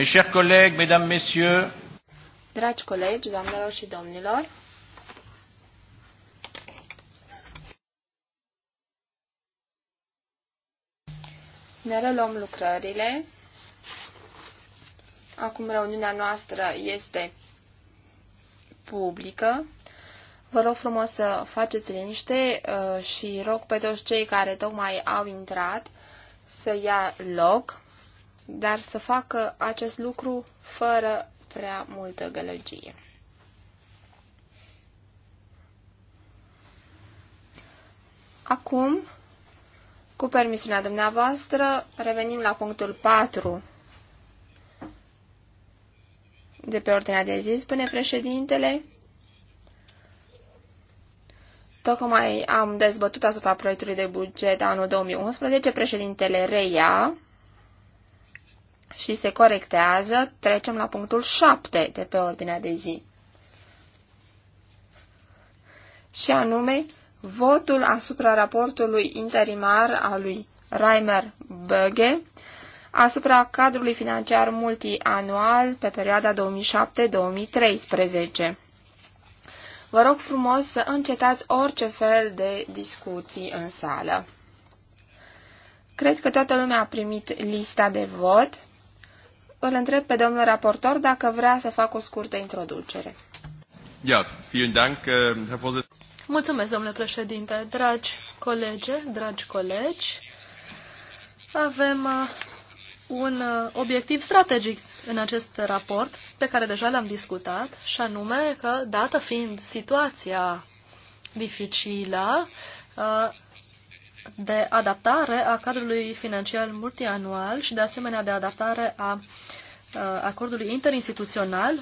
Mes chers collègues, mesdames, messieurs. Dragi colegi, doamnelor și domnilor. Ne reluăm lucrările. Acum reuniunea noastră este publică. Vă rog frumos să faceți liniște uh, și rog pe toți cei care tocmai au intrat să ia loc dar să facă acest lucru fără prea multă gălăgie. Acum, cu permisiunea dumneavoastră, revenim la punctul 4 de pe ordinea de zi, spune președintele. Tocmai am dezbătut asupra proiectului de buget anul 2011, președintele reia și se corectează, trecem la punctul 7 de pe ordinea de zi. Și anume, votul asupra raportului interimar al lui Reimer Böge asupra cadrului financiar multianual pe perioada 2007-2013. Vă rog frumos să încetați orice fel de discuții în sală. Cred că toată lumea a primit lista de vot îl întreb pe domnul raportor dacă vrea să fac o scurtă introducere. Ja, vielen Dank, eh, Herr Vorsitz. Mulțumesc, domnule președinte, dragi colege, dragi colegi. Avem eh, un eh, obiectiv strategic în acest raport, pe care deja l-am discutat, și anume că, dată fiind situația dificilă de adaptare a cadrului financiar multianual și, de asemenea, de adaptare a Uh, acordului interinstituțional,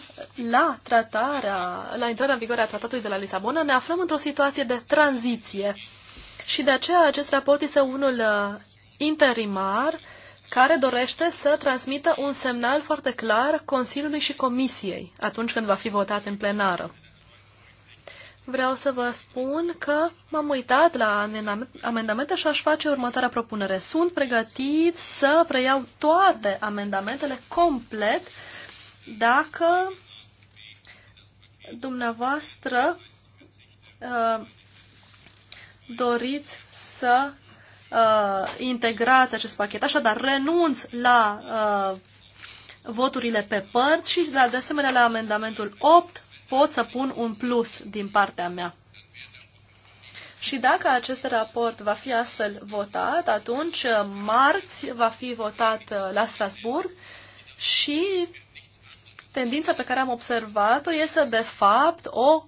la tratarea, la intrarea în vigoare a tratatului de la Lisabona, ne aflăm într-o situație de tranziție. Și de aceea acest raport este unul uh, interimar care dorește să transmită un semnal foarte clar Consiliului și Comisiei atunci când va fi votat în plenară vreau să vă spun că m-am uitat la amendamente și aș face următoarea propunere. Sunt pregătit să preiau toate amendamentele complet dacă dumneavoastră uh, doriți să uh, integrați acest pachet. Așadar, renunț la uh, voturile pe părți și, de asemenea, la amendamentul 8, pot să pun un plus din partea mea. Și dacă acest raport va fi astfel votat, atunci uh, marți va fi votat uh, la Strasburg și tendința pe care am observat-o este de fapt o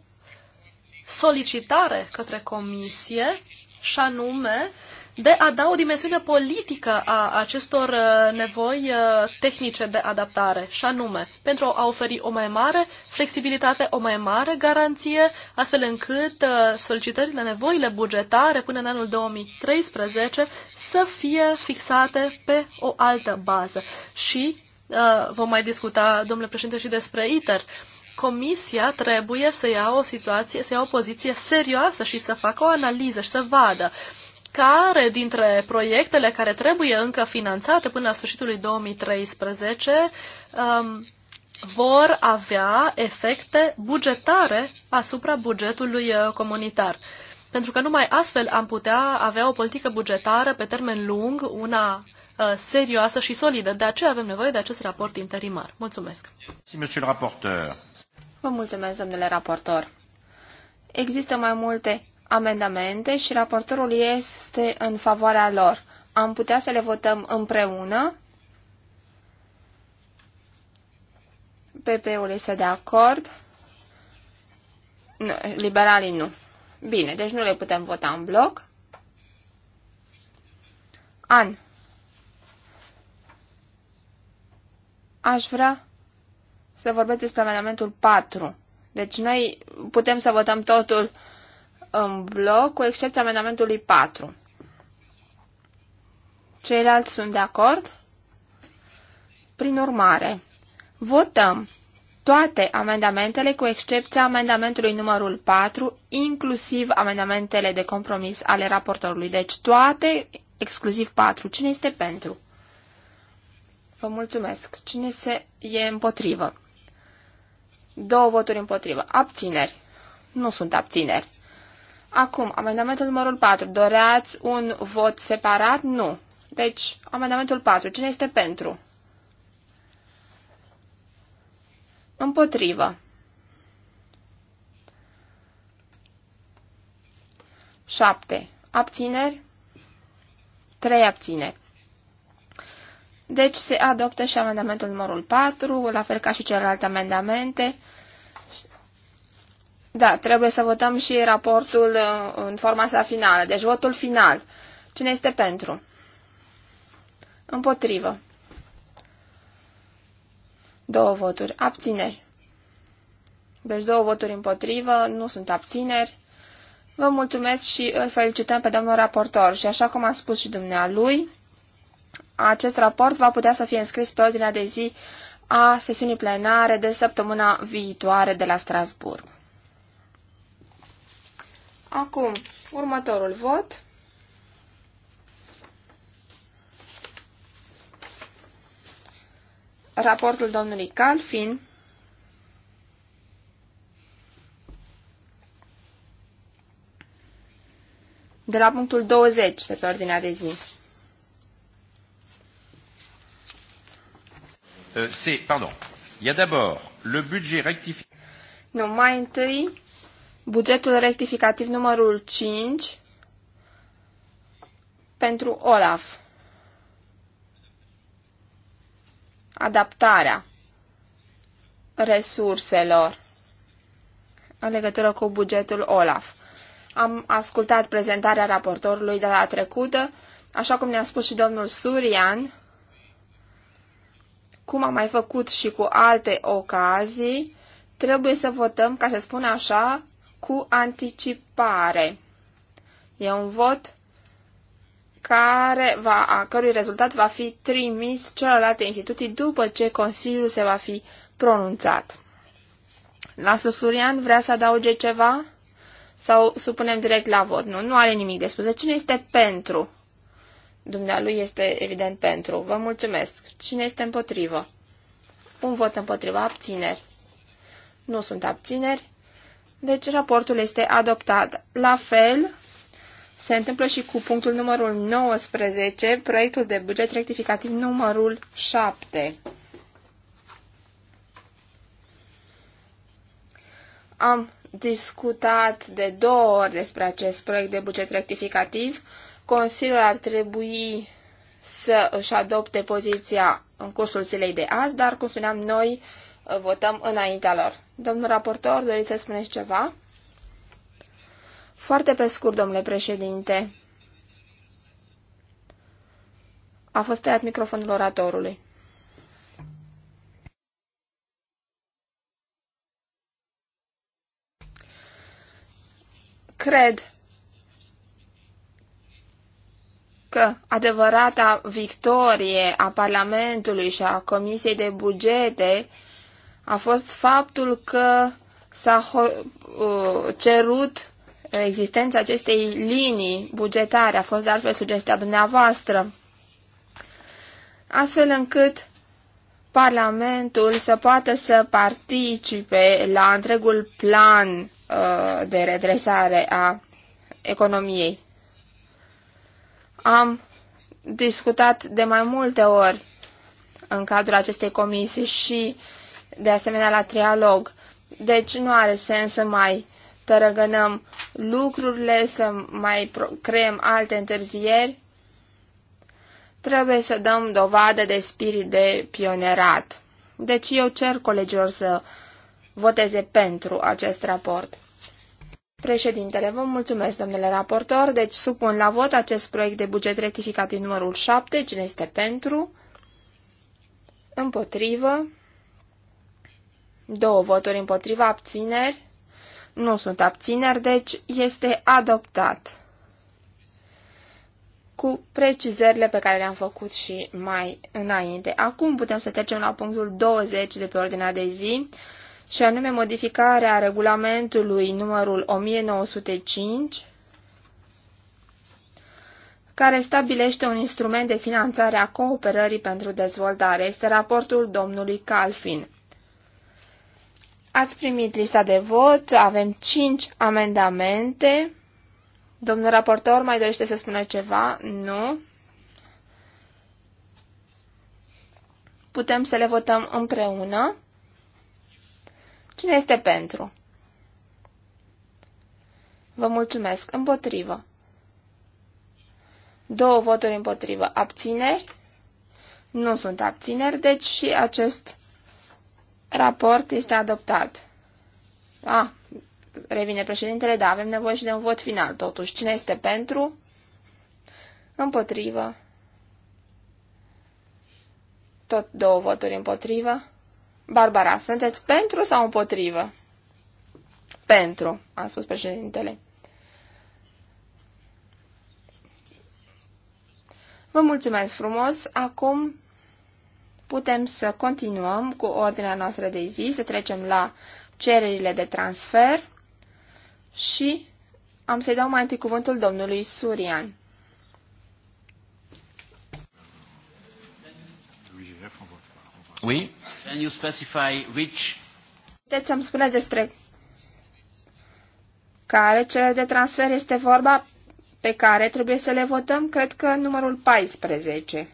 solicitare către comisie și anume de a da o dimensiune politică a acestor uh, nevoi uh, tehnice de adaptare, și anume pentru a oferi o mai mare flexibilitate, o mai mare garanție, astfel încât uh, solicitările, nevoile bugetare până în anul 2013 să fie fixate pe o altă bază. Și vom mai discuta, domnule președinte, și despre ITER. Comisia trebuie să ia o situație, să ia o poziție serioasă și să facă o analiză și să vadă care dintre proiectele care trebuie încă finanțate până la sfârșitul lui 2013 um, vor avea efecte bugetare asupra bugetului uh, comunitar. Pentru că numai astfel am putea avea o politică bugetară pe termen lung, una uh, serioasă și solidă. De aceea avem nevoie de acest raport interimar. Mulțumesc. Mulțumesc Vă mulțumesc, domnule raportor. Există mai multe amendamente și raportorul este în favoarea lor. Am putea să le votăm împreună? PP-ul este de acord? Nu, liberalii nu. Bine, deci nu le putem vota în bloc. An. Aș vrea să vorbesc despre amendamentul 4. Deci noi putem să votăm totul în bloc, cu excepția amendamentului 4. Ceilalți sunt de acord? Prin urmare, votăm toate amendamentele, cu excepția amendamentului numărul 4, inclusiv amendamentele de compromis ale raportorului. Deci toate, exclusiv 4. Cine este pentru? Vă mulțumesc. Cine se e împotrivă? Două voturi împotrivă. Abțineri. Nu sunt abțineri. Acum, amendamentul numărul 4. Doreați un vot separat? Nu. Deci, amendamentul 4. Cine este pentru? Împotrivă. 7. Abțineri. 3 abțineri. Deci se adoptă și amendamentul numărul 4, la fel ca și celelalte amendamente. Da, trebuie să votăm și raportul uh, în forma sa finală. Deci votul final. Cine este pentru? Împotrivă. Două voturi. Abțineri. Deci două voturi împotrivă, nu sunt abțineri. Vă mulțumesc și îl felicităm pe domnul raportor și așa cum a spus și dumnealui, acest raport va putea să fie înscris pe ordinea de zi a sesiunii plenare de săptămâna viitoare de la Strasburg. Acum, următorul vot. Raportul domnului Calfin de la punctul 20 de pe ordinea de zi. Euh, c'est, pardon, il y a d'abord le budget rectificatif. Nu, mai întâi, bugetul rectificativ numărul 5 pentru OLAF. Adaptarea resurselor în legătură cu bugetul OLAF. Am ascultat prezentarea raportorului de la trecută, așa cum ne-a spus și domnul Surian, cum am mai făcut și cu alte ocazii, trebuie să votăm, ca să spun așa, cu anticipare. E un vot care va, a cărui rezultat va fi trimis celorlalte instituții după ce Consiliul se va fi pronunțat. La Susurian vrea să adauge ceva? Sau supunem direct la vot? Nu, nu are nimic de spus. Deci cine este pentru? Dumnealui este evident pentru. Vă mulțumesc. Cine este împotrivă? Un vot împotriva abțineri. Nu sunt abțineri. Deci raportul este adoptat. La fel se întâmplă și cu punctul numărul 19, proiectul de buget rectificativ numărul 7. Am discutat de două ori despre acest proiect de buget rectificativ. Consiliul ar trebui să își adopte poziția în cursul zilei de azi, dar, cum spuneam, noi uh, votăm înaintea lor. Domnul raportor, doriți să spuneți ceva? Foarte pe scurt, domnule președinte. A fost tăiat microfonul oratorului. Cred că adevărata victorie a Parlamentului și a Comisiei de Bugete a fost faptul că s-a uh, cerut existența acestei linii bugetare, a fost de altfel sugestia dumneavoastră, astfel încât Parlamentul să poată să participe la întregul plan uh, de redresare a economiei. Am discutat de mai multe ori în cadrul acestei comisii și de asemenea la trialog. Deci nu are sens să mai tărăgănăm lucrurile, să mai creăm alte întârzieri. Trebuie să dăm dovadă de spirit de pionerat. Deci eu cer colegilor să voteze pentru acest raport. Președintele, vă mulțumesc, domnule raportor. Deci supun la vot acest proiect de buget rectificativ numărul 7. Cine este pentru? Împotrivă. Două voturi împotriva, abțineri. Nu sunt abțineri, deci este adoptat. Cu precizările pe care le-am făcut și mai înainte. Acum putem să trecem la punctul 20 de pe ordinea de zi și anume modificarea regulamentului numărul 1905, care stabilește un instrument de finanțare a cooperării pentru dezvoltare. Este raportul domnului Calfin. Ați primit lista de vot, avem 5 amendamente. Domnul raportor mai dorește să spună ceva? Nu. Putem să le votăm împreună. Cine este pentru? Vă mulțumesc. Împotrivă. Două voturi împotrivă. Abțineri? Nu sunt abțineri, deci și acest raport este adoptat. A, revine președintele, da, avem nevoie și de un vot final, totuși. Cine este pentru? Împotrivă. Tot două voturi împotrivă. Barbara, sunteți pentru sau împotrivă? Pentru, a spus președintele. Vă mulțumesc frumos. Acum putem să continuăm cu ordinea noastră de zi, să trecem la cererile de transfer și am să-i dau mai întâi cuvântul domnului Surian. Oui. Can you specify which? Puteți să-mi spuneți despre care cerere de transfer este vorba pe care trebuie să le votăm? Cred că numărul 14.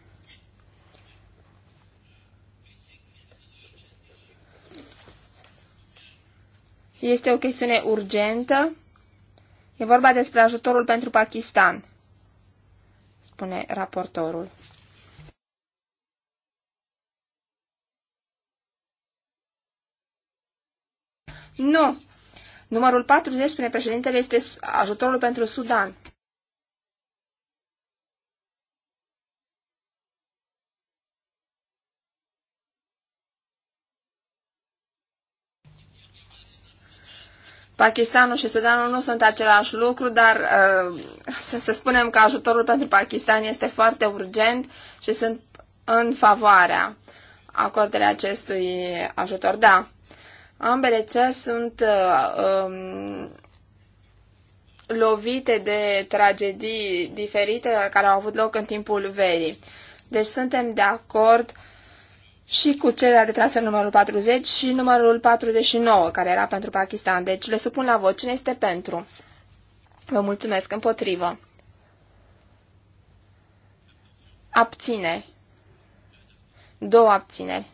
Este o chestiune urgentă. E vorba despre ajutorul pentru Pakistan, spune raportorul. Nu! Numărul 40, spune președintele, este ajutorul pentru Sudan. Pakistanul și Sudanul nu sunt același lucru, dar uh, să, să spunem că ajutorul pentru Pakistan este foarte urgent și sunt în favoarea acordării acestui ajutor. Da, Ambele țări sunt uh, um, lovite de tragedii diferite care au avut loc în timpul verii. Deci suntem de acord și cu cererea de trasă numărul 40 și numărul 49, care era pentru Pakistan. Deci le supun la vot. Cine este pentru? Vă mulțumesc. Împotrivă. Abține. Două abțineri.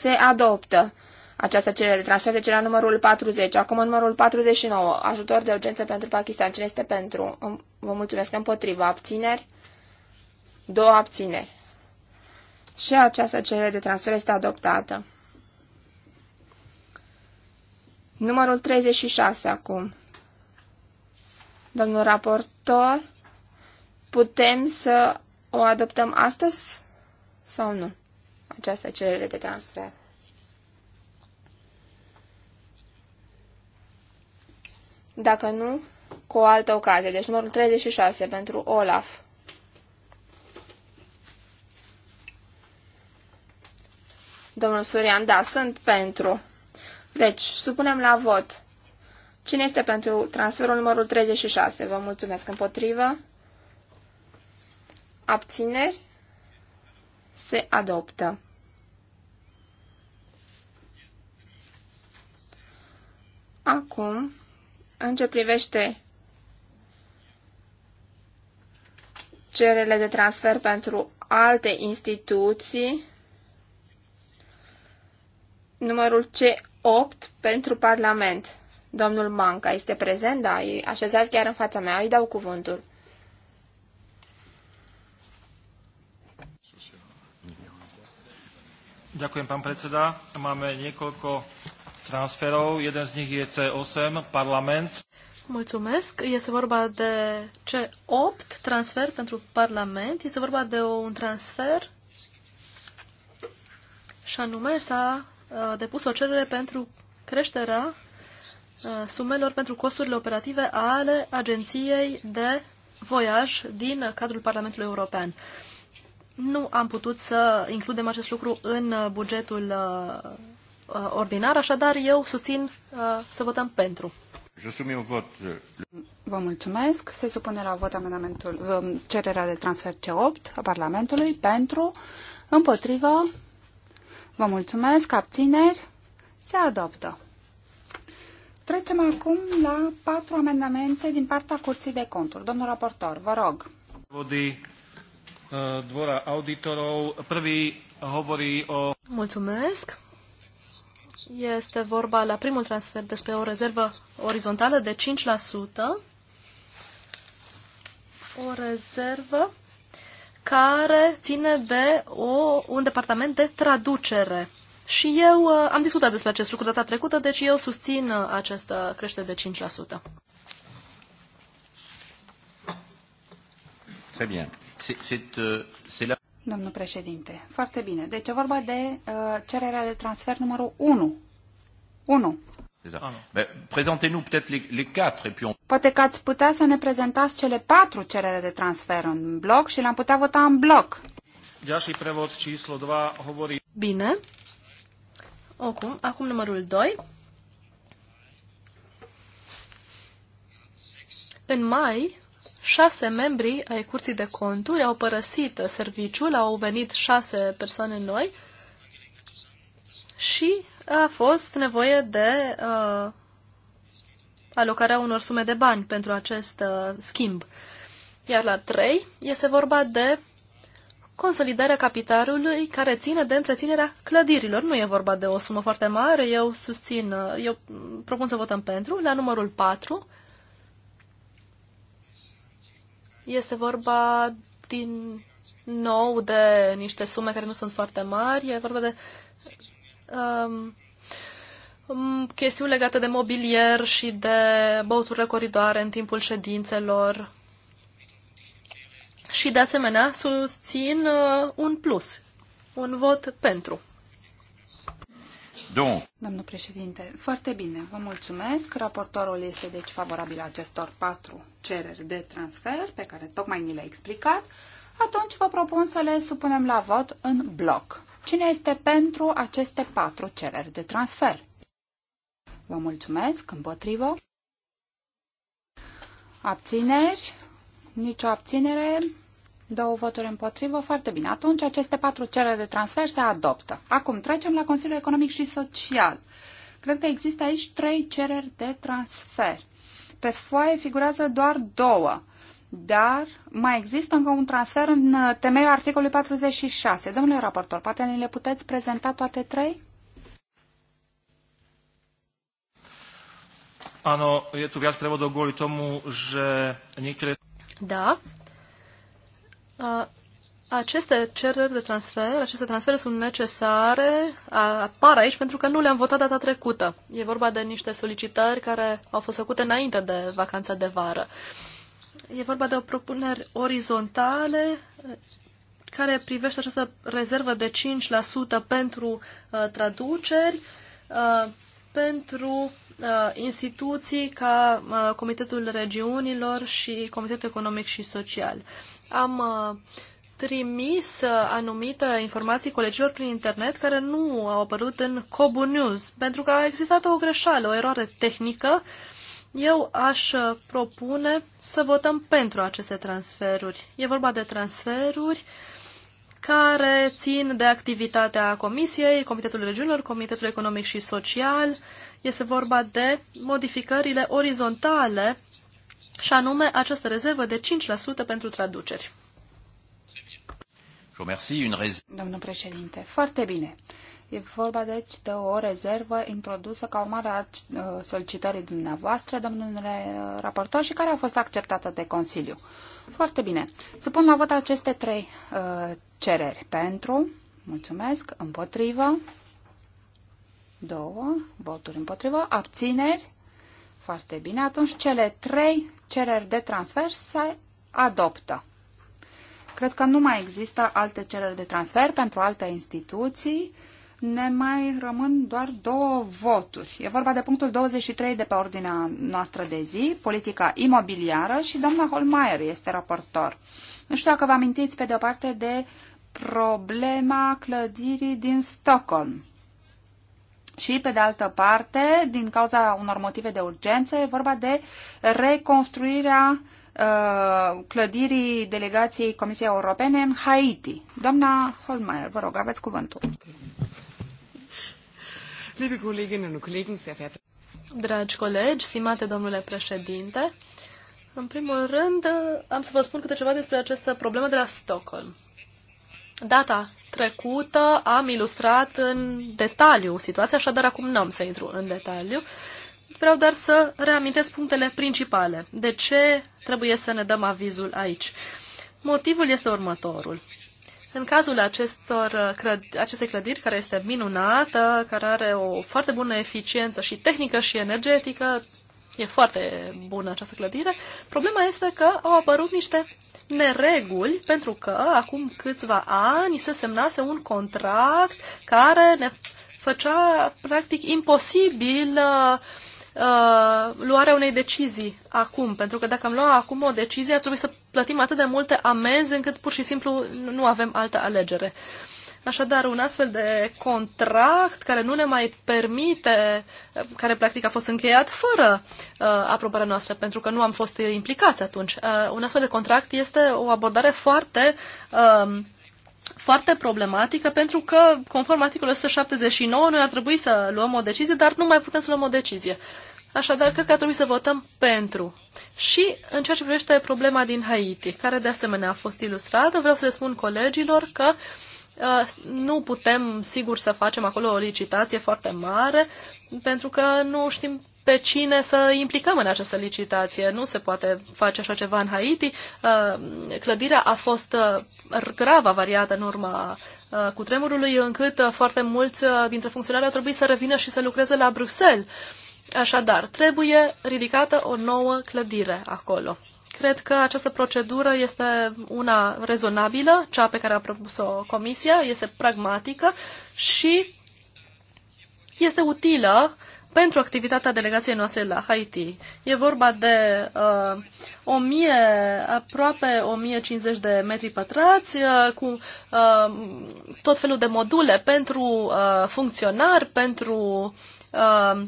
Se adoptă această cerere de transfer, deci la numărul 40. Acum numărul 49, ajutor de urgență pentru Pakistan. Cine este pentru? Vă mulțumesc împotriva. Abțineri? Două abțineri. Și această cerere de transfer este adoptată. Numărul 36 acum. Domnul raportor, putem să o adoptăm astăzi sau nu? Această cerere de transfer. Dacă nu, cu o altă ocazie. Deci numărul 36 pentru Olaf. Domnul Surian, da, sunt pentru. Deci, supunem la vot. Cine este pentru transferul numărul 36? Vă mulțumesc. Împotrivă? Abțineri? Se adoptă. Acum în ce privește cererile de transfer pentru alte instituții, numărul C8 pentru Parlament. Domnul Manca este prezent, da, e așezat chiar în fața mea, îi dau cuvântul. Ďakujem, pán predseda. Máme niekoľko transferov. Jeden z nich je C8, Parlament. Mulțumesc. Este vorba de C8, transfer pentru Parlament. Este vorba de un transfer și anume s-a uh, depus o cerere pentru creșterea uh, sumelor pentru costurile operative ale Agenției de Voiaj din cadrul Parlamentului European. Nu am putut să includem acest lucru în uh, bugetul Uh, ordinar, așadar eu susțin uh, să votăm pentru. Euh, vă mulțumesc. Se supune la vot amendamentul, um, cererea de transfer C8 a Parlamentului pentru, împotrivă, vă mulțumesc, abțineri, se adoptă. Trecem acum la patru amendamente din partea Curții de Conturi. Domnul raportor, vă rog. Uh, dvora auditorul. prvi hovori o... Mulțumesc. Este vorba la primul transfer despre o rezervă orizontală de 5%, o rezervă care ține de o, un departament de traducere. Și eu uh, am discutat despre acest lucru data trecută, deci eu susțin uh, această creștere de 5%. Très bien. C'est euh, la... Domnul președinte, foarte bine. Deci e vorba de uh, cererea de transfer numărul 1. 1. Exact. Ah, Poate că ați putea să ne prezentați cele patru cerere de transfer în bloc și le-am putea vota în bloc. Bine. Acum, acum numărul 2. În mai, șase membri ai Curții de Conturi au părăsit serviciul, au venit șase persoane noi și a fost nevoie de uh, alocarea unor sume de bani pentru acest uh, schimb. Iar la trei este vorba de consolidarea capitalului care ține de întreținerea clădirilor. Nu e vorba de o sumă foarte mare, eu susțin, uh, eu propun să votăm pentru. La numărul 4 este vorba din nou de niște sume care nu sunt foarte mari. E vorba de um, chestiuni legate de mobilier și de băuturile coridoare în timpul ședințelor. Și, de asemenea, susțin uh, un plus, un vot pentru. Domnul președinte, foarte bine, vă mulțumesc. Raportorul este deci favorabil acestor patru cereri de transfer pe care tocmai ni le-a explicat. Atunci vă propun să le supunem la vot în bloc. Cine este pentru aceste patru cereri de transfer? Vă mulțumesc, împotrivă. Abțineri? Nicio abținere? două voturi împotrivă, foarte bine. Atunci aceste patru cereri de transfer se adoptă. Acum trecem la Consiliul Economic și Social. Cred că există aici trei cereri de transfer. Pe foaie figurează doar două, dar mai există încă un transfer în uh, temeiul articolului 46. Domnule raportor, poate ne le puteți prezenta toate trei? Ano, je tu viac prevodov kvôli tomu, že niektoré... Da, aceste cereri de transfer, aceste transfere sunt necesare, apar aici pentru că nu le-am votat data trecută. E vorba de niște solicitări care au fost făcute înainte de vacanța de vară. E vorba de o propunere orizontale care privește această rezervă de 5% pentru uh, traduceri, uh, pentru uh, instituții ca uh, Comitetul Regiunilor și Comitetul Economic și Social. Uh, am uh, trimis uh, anumite informații colegilor prin internet care nu au apărut în Cobu News, pentru că a existat o greșeală, o eroare tehnică. Eu aș uh, propune să votăm pentru aceste transferuri. E vorba de transferuri care țin de activitatea Comisiei, Comitetul Regiunilor, Comitetul Economic și Social. Este vorba de modificările orizontale și anume această rezervă de 5% pentru traduceri. Domnul președinte, foarte bine. E vorba deci de o rezervă introdusă ca urmare a uh, solicitării dumneavoastră, domnule uh, raportor, și care a fost acceptată de Consiliu. Foarte bine. Să pun la vot aceste trei uh, cereri. Pentru, mulțumesc, împotrivă, două, voturi împotrivă, abțineri, foarte bine. Atunci cele trei cereri de transfer se adoptă. Cred că nu mai există alte cereri de transfer pentru alte instituții. Ne mai rămân doar două voturi. E vorba de punctul 23 de pe ordinea noastră de zi, politica imobiliară și doamna Holmeier este raportor. Nu știu dacă vă amintiți pe de-o parte de problema clădirii din Stockholm. Și, pe de altă parte, din cauza unor motive de urgență, e vorba de reconstruirea uh, clădirii delegației Comisiei Europene în Haiti. Doamna Holmeier, vă rog, aveți cuvântul. Dragi colegi, stimate domnule președinte, în primul rând am să vă spun câte ceva despre această problemă de la Stockholm. Data trecută am ilustrat în detaliu situația, așadar acum n-am să intru în detaliu. Vreau doar să reamintesc punctele principale. De ce trebuie să ne dăm avizul aici? Motivul este următorul. În cazul acestor, uh, acestei clădiri, care este minunată, care are o foarte bună eficiență și tehnică și energetică, e foarte bună această clădire. Problema este că au apărut niște nereguli pentru că acum câțiva ani se semnase un contract care ne făcea practic imposibil uh, uh, luarea unei decizii acum, pentru că dacă am luat acum o decizie, trebuie să plătim atât de multe amenzi încât pur și simplu nu avem altă alegere. Uh, Așadar, un astfel de contract care nu ne mai permite, care practic a fost încheiat fără uh, aprobarea noastră, pentru că nu am fost implicați atunci. Uh, un astfel de contract este o abordare foarte uh, foarte problematică pentru că, conform articolului 179, noi ar trebui să luăm o decizie, dar nu mai putem să luăm o decizie. Așadar, cred că ar trebui să votăm pentru. Și în ceea ce privește problema din Haiti, care de asemenea a fost ilustrată, vreau să le spun colegilor că Uh, nu putem sigur să facem acolo o licitație foarte mare pentru că nu știm pe cine să implicăm în această licitație. Nu se poate face așa ceva în Haiti. Uh, clădirea a fost uh, grav avariată în urma cutremurului, încât foarte mulți dintre funcționari au trebuit să revină și să lucreze la Bruxelles. Așadar, trebuie ridicată o nouă clădire acolo. Cred că această procedură este una rezonabilă, cea pe care a propus-o Comisia, este pragmatică și este utilă pentru activitatea delegației noastre la Haiti. E vorba de uh, 1000, aproape 1050 de metri pătrați uh, cu uh, tot felul de module pentru uh, funcționari, pentru uh,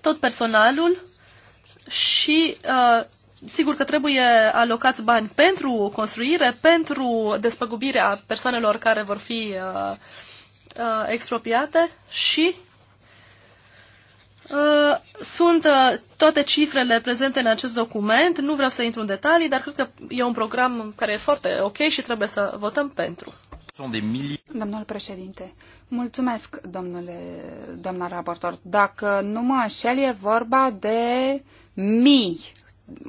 tot personalul și uh, sigur că trebuie alocați bani pentru construire, pentru despăgubirea persoanelor care vor fi uh, uh, expropiate și uh, sunt uh, toate cifrele prezente în acest document. Nu vreau să intru în detalii, dar cred că e un program care e foarte ok și trebuie să votăm pentru. Domnul președinte, mulțumesc, domnule, doamna raportor. Dacă nu mă înșel, e vorba de mii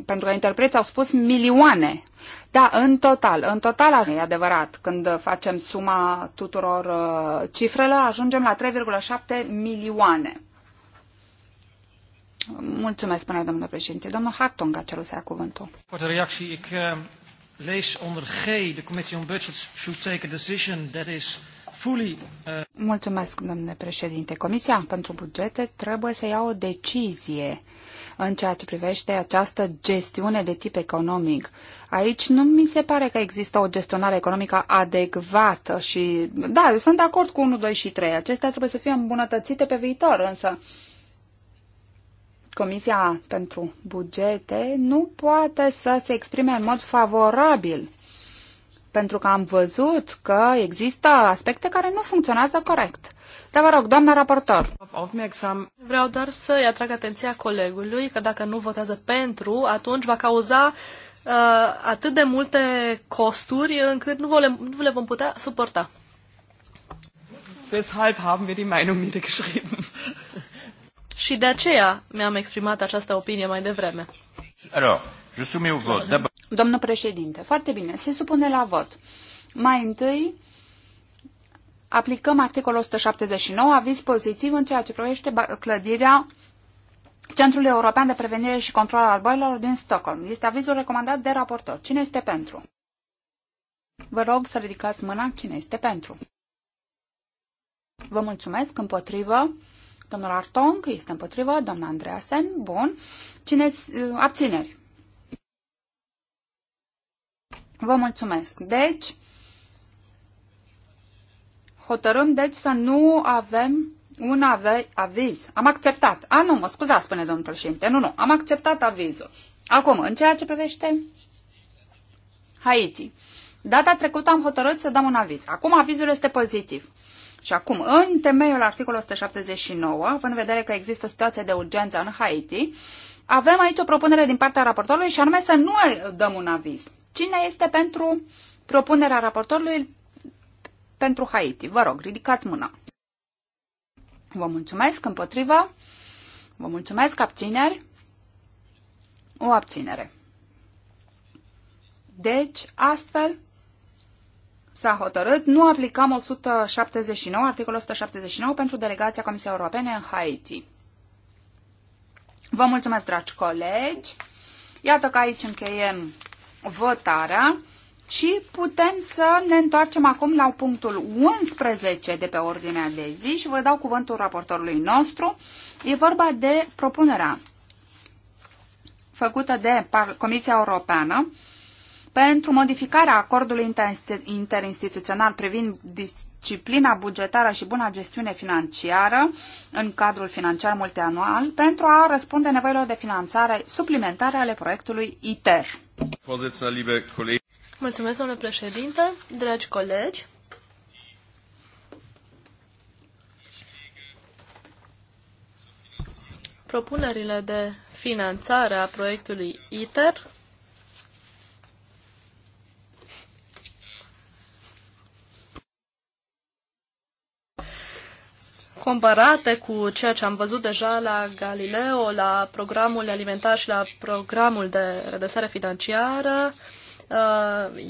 pentru că interpreți au spus milioane. Da, în total, în total e adevărat, când facem suma tuturor uh, cifrelor, ajungem la 3,7 milioane. Mulțumesc, spune domnule președinte. Domnul Hartong a cerut să ia cuvântul. Korte reacție. Ik uh, lees onder G, de Commission on Budget should take a decision that is Uh, Mulțumesc, domnule președinte. Comisia pentru bugete trebuie să ia o decizie în ceea ce privește această gestiune de tip economic. Aici nu mi se pare că există o gestionare economică adecvată și, da, sunt de acord cu 1, 2 și 3. Acestea trebuie să fie îmbunătățite pe viitor, însă Comisia pentru bugete nu poate să se exprime în mod favorabil pentru că am văzut că există aspecte care nu funcționează corect. Dar vă rog, doamna raportor. Vreau doar să-i atrag atenția colegului că dacă nu votează pentru, atunci va cauza uh, atât de multe costuri încât nu, le, nu le vom putea suporta. Deshalb haben wir die Meinung niedergeschrieben. Și de aceea mi-am exprimat această opinie mai devreme. Alors, je soumets au vote. Domnul președinte, foarte bine, se supune la vot. Mai întâi, aplicăm articolul 179, aviz pozitiv în ceea ce privește clădirea Centrului European de Prevenire și Control al Boilor din Stockholm. Este avizul recomandat de raportor. Cine este pentru? Vă rog să ridicați mâna cine este pentru. Vă mulțumesc împotrivă. Domnul Artong este împotrivă, doamna Andreasen, bun. Cine uh, abțineri? Vă mulțumesc. Deci, hotărâm deci să nu avem un ave- aviz. Am acceptat. A, nu, mă scuzați, spune domnul președinte. Nu, nu, am acceptat avizul. Acum, în ceea ce privește Haiti. Data trecută am hotărât să dăm un aviz. Acum avizul este pozitiv. Și acum, în temeiul articolului 179, având în vedere că există o situație de urgență în Haiti, avem aici o propunere din partea raportorului și anume să nu dăm un aviz. Cine este pentru propunerea raportorului pentru Haiti? Vă rog, ridicați mâna. Vă mulțumesc împotriva. Vă mulțumesc abțineri. O abținere. Deci, astfel, s-a hotărât, nu aplicăm 179, articolul 179 pentru delegația Comisiei Europene în Haiti. Vă mulțumesc, dragi colegi! Iată că aici încheiem votarea și putem să ne întoarcem acum la punctul 11 de pe ordinea de zi și vă dau cuvântul raportorului nostru. E vorba de propunerea făcută de Comisia Europeană pentru modificarea acordului interinstituțional privind disciplina bugetară și buna gestiune financiară în cadrul financiar multianual pentru a răspunde nevoilor de finanțare suplimentare ale proiectului ITER. Mulțumesc, domnule președinte, dragi colegi. Propunerile de finanțare a proiectului ITER comparate cu ceea ce am văzut deja la Galileo, la programul alimentar și la programul de redresare financiară, uh,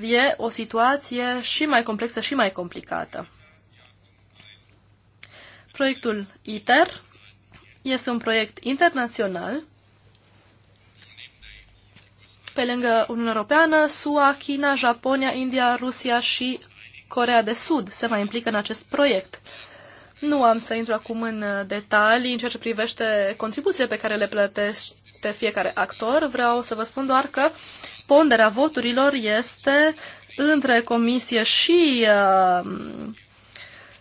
e o situație și mai complexă și mai complicată. Proiectul ITER este un proiect internațional. Pe lângă Uniunea Europeană, SUA, China, Japonia, India, Rusia și Corea de Sud se mai implică în acest proiect. Nu am să intru acum în uh, detalii în ceea ce privește contribuțiile pe care le plătește fiecare actor. Vreau să vă spun doar că ponderea voturilor este între comisie și uh,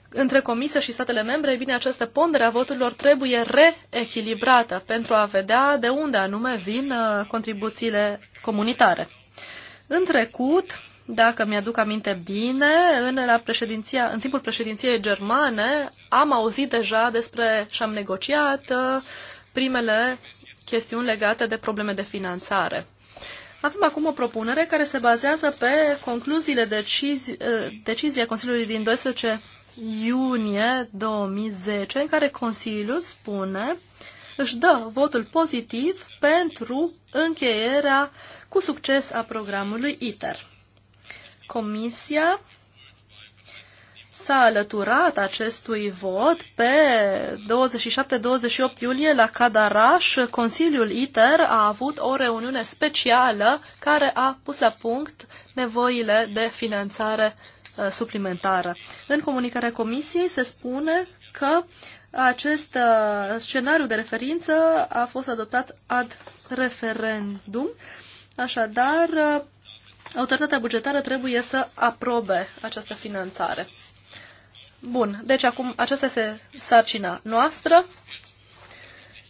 între comisie și statele membre, bine, această pondere a voturilor trebuie reechilibrată pentru a vedea de unde anume vin uh, contribuțiile comunitare. În trecut, dacă mi-aduc aminte bine, în, la președinția, în timpul președinției germane am auzit deja despre și am negociat uh, primele chestiuni legate de probleme de finanțare. Avem acum o propunere care se bazează pe concluziile decizi, uh, deciziei Consiliului din 12 iunie 2010, în care Consiliul spune își dă votul pozitiv pentru încheierea cu succes a programului ITER. Comisia s-a alăturat acestui vot pe 27-28 iulie la Cadaraș. Consiliul ITER a avut o reuniune specială care a pus la punct nevoile de finanțare uh, suplimentară. În comunicarea Comisiei se spune că acest uh, scenariu de referință a fost adoptat ad referendum. Așadar, uh, autoritatea bugetară trebuie să aprobe această finanțare. Bun, deci acum aceasta este sarcina noastră.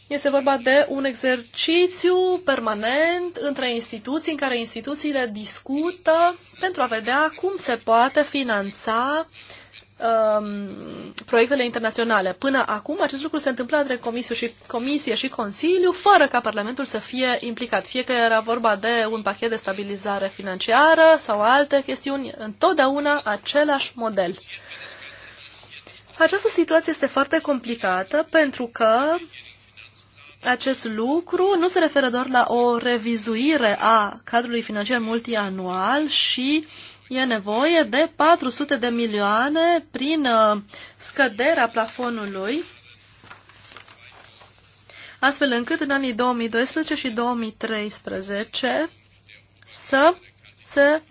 Este vorba de un exercițiu permanent între instituții în care instituțiile discută pentru a vedea cum se poate finanța uh, um, proiectele internaționale. Până acum acest lucru se întâmpla între comisie și, comisie și Consiliu fără ca Parlamentul să fie implicat. Fie că era vorba de un pachet de stabilizare financiară sau alte chestiuni, întotdeauna același model. Această situație este foarte complicată pentru că acest lucru nu se referă doar la o revizuire a cadrului financiar multianual și e nevoie de 400 de milioane prin uh, scăderea plafonului, astfel încât în anii 2012 și 2013 să se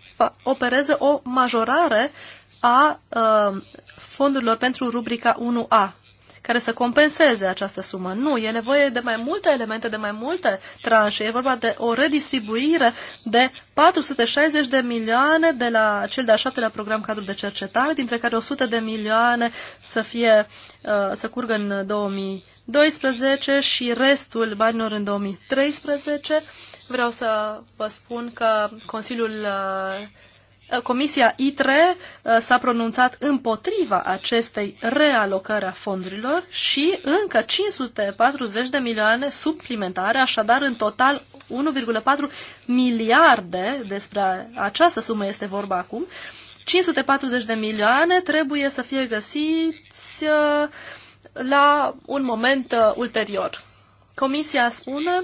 opereze o majorare a uh, fondurilor pentru rubrica 1A care să compenseze această sumă. Nu, e nevoie de mai multe elemente, de mai multe tranșe. E vorba de o redistribuire de 460 de milioane de la cel de-a șaptelea program cadru de cercetare, dintre care 100 de milioane să fie, uh, să curgă în 2012 și restul banilor în 2013. Vreau să vă spun că Consiliul uh, Comisia ITRE uh, s-a pronunțat împotriva acestei realocări a fondurilor și încă 540 de milioane suplimentare, așadar în total 1,4 miliarde, despre această sumă este vorba acum, 540 de milioane trebuie să fie găsiți uh, la un moment uh, ulterior. Comisia spune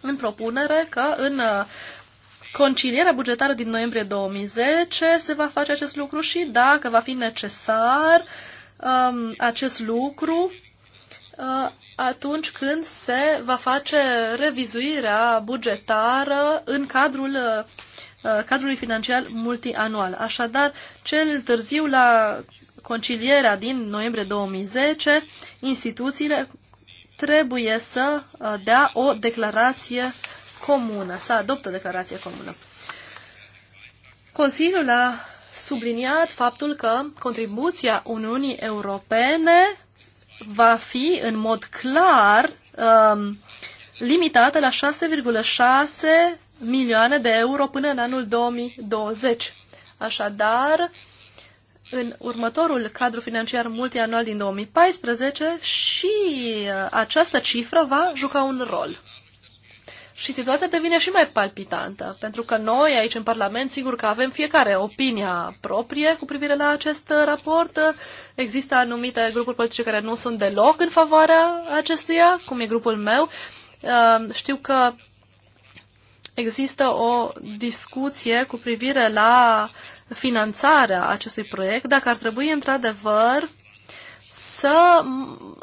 în propunere că în concilierea bugetară din noiembrie 2010 se va face acest lucru și dacă va fi necesar um, acest lucru uh, atunci când se va face revizuirea bugetară în cadrul uh, uh cadrului financiar multianual. Așadar, cel târziu la concilierea din noiembrie 2010, instituțiile trebuie să uh, dea o declarație comună, să adoptă o declarație comună. Consiliul a subliniat faptul că contribuția Uniunii Europene va fi în mod clar um, limitată la 6,6 milioane de euro până în anul 2020. Așadar, în următorul cadru financiar multianual din 2014 și uh, această cifră va juca un rol. Și situația devine și mai palpitantă, pentru că noi aici în Parlament, sigur că avem fiecare opinia proprie cu privire la acest raport. Există anumite grupuri politice care nu sunt deloc în favoarea acestuia, cum e grupul meu. Uh, știu că există o discuție cu privire la finanțarea acestui proiect, dacă ar trebui într-adevăr să,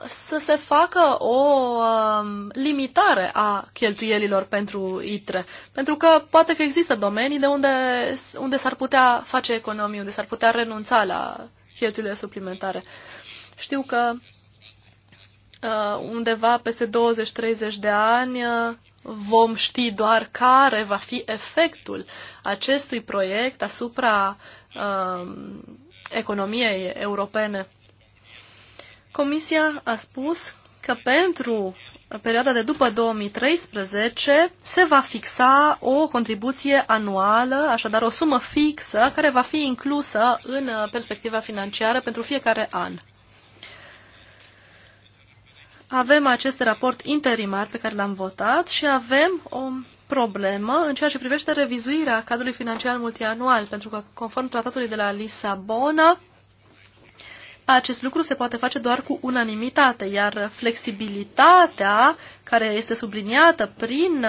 să se facă o um, limitare a cheltuielilor pentru ITRE. Pentru că poate că există domenii de unde, unde s-ar putea face economii, unde s-ar putea renunța la cheltuielile suplimentare. Știu că uh, undeva peste 20-30 de ani uh, vom ști doar care va fi efectul acestui proiect asupra uh, economiei europene Comisia a spus că pentru perioada de după 2013 se va fixa o contribuție anuală, așadar o sumă fixă care va fi inclusă în uh, perspectiva financiară pentru fiecare an. Avem acest raport interimar pe care l-am votat și avem o problemă în ceea ce privește revizuirea cadrului financiar multianual, pentru că conform tratatului de la Lisabona, acest lucru se poate face doar cu unanimitate, iar flexibilitatea care este subliniată prin,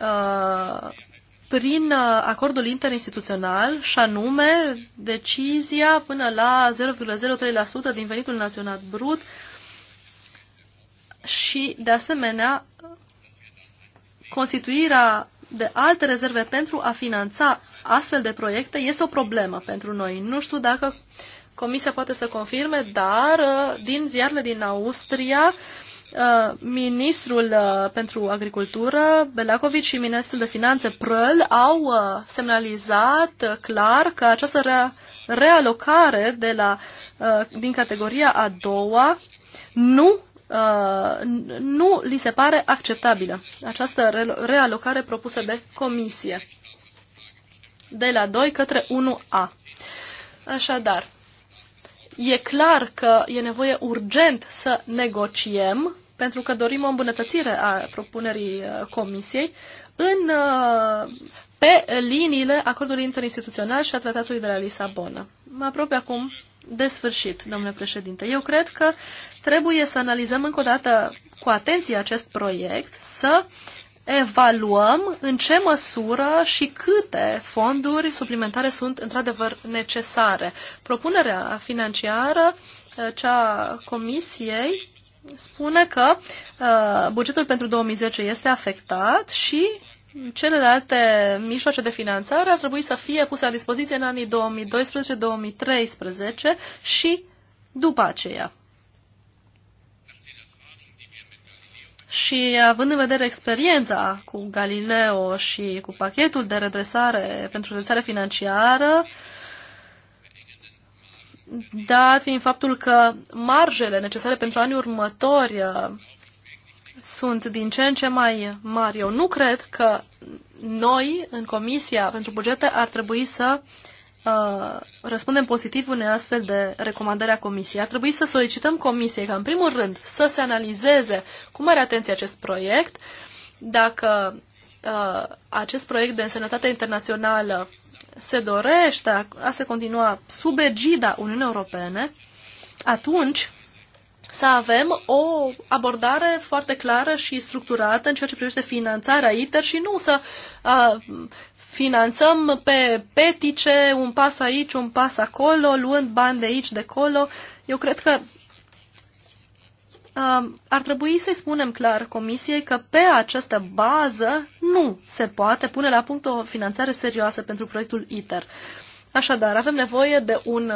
uh, prin acordul interinstituțional și anume decizia până la 0,03% din venitul național brut și de asemenea constituirea de alte rezerve pentru a finanța astfel de proiecte este o problemă pentru noi. Nu știu dacă uh, Comisia poate să confirme, dar uh, din ziarele din Austria, uh, ministrul uh, pentru agricultură, Belacovic, și ministrul de finanțe, Prăl, au semnalizat clar că această realocare de la, din categoria a doua nu nu li se pare acceptabilă această realocare propusă de comisie de la 2 către 1A. Așadar, E clar că e nevoie urgent să negociem, pentru că dorim o îmbunătățire a propunerii uh, Comisiei în, uh, pe liniile acordului interinstituțional și a tratatului de la Lisabona. Mă apropie acum de sfârșit, domnule președinte. Eu cred că trebuie să analizăm încă o dată cu atenție acest proiect, să evaluăm în ce măsură și câte fonduri suplimentare sunt într-adevăr necesare. Propunerea financiară, eh, cea comisiei, spune că eh, bugetul pentru 2010 este afectat și celelalte mijloace de finanțare ar trebui să fie puse la dispoziție în anii 2012-2013 și după aceea. Și având în vedere experiența cu Galileo și cu pachetul de redresare pentru redresare financiară, dat fiind faptul că marjele necesare pentru anii următori uh, sunt din ce în ce mai mari, eu nu cred că noi, în Comisia pentru Bugete, ar trebui să uh, Uh, răspundem pozitiv unei astfel de recomandări a Comisiei. Ar trebui să solicităm Comisiei ca, în primul rând, să se analizeze cu mare atenție acest proiect, dacă uh, acest proiect de însemnătate internațională se dorește a, a se continua sub egida Uniunii Europene, atunci să avem o abordare foarte clară și structurată în ceea ce privește finanțarea ITER și nu să uh, finanțăm pe petice, un pas aici, un pas acolo, luând bani de aici, de acolo. Eu cred că um, ar trebui să-i spunem clar Comisiei că pe această bază nu se poate pune la punct o finanțare serioasă pentru proiectul ITER. Așadar, avem nevoie de un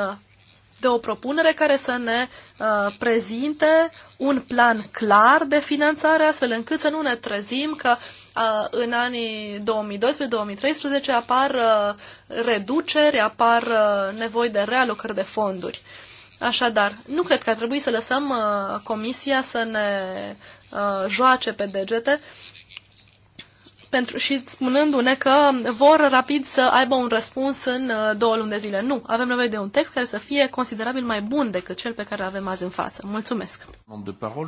de o propunere care să ne uh, prezinte un plan clar de finanțare, astfel încât să nu ne trezim că uh, în anii 2012-2013 apar uh, reduceri, apar uh, nevoi de realocări de fonduri. Așadar, nu cred că ar trebui să lăsăm uh, Comisia să ne uh, joace pe degete pentru, și spunându-ne că vor rapid să aibă un răspuns în uh, două luni de zile. Nu, avem nevoie de un text care să fie considerabil mai bun decât cel pe care îl avem azi în față. Mulțumesc! Uh,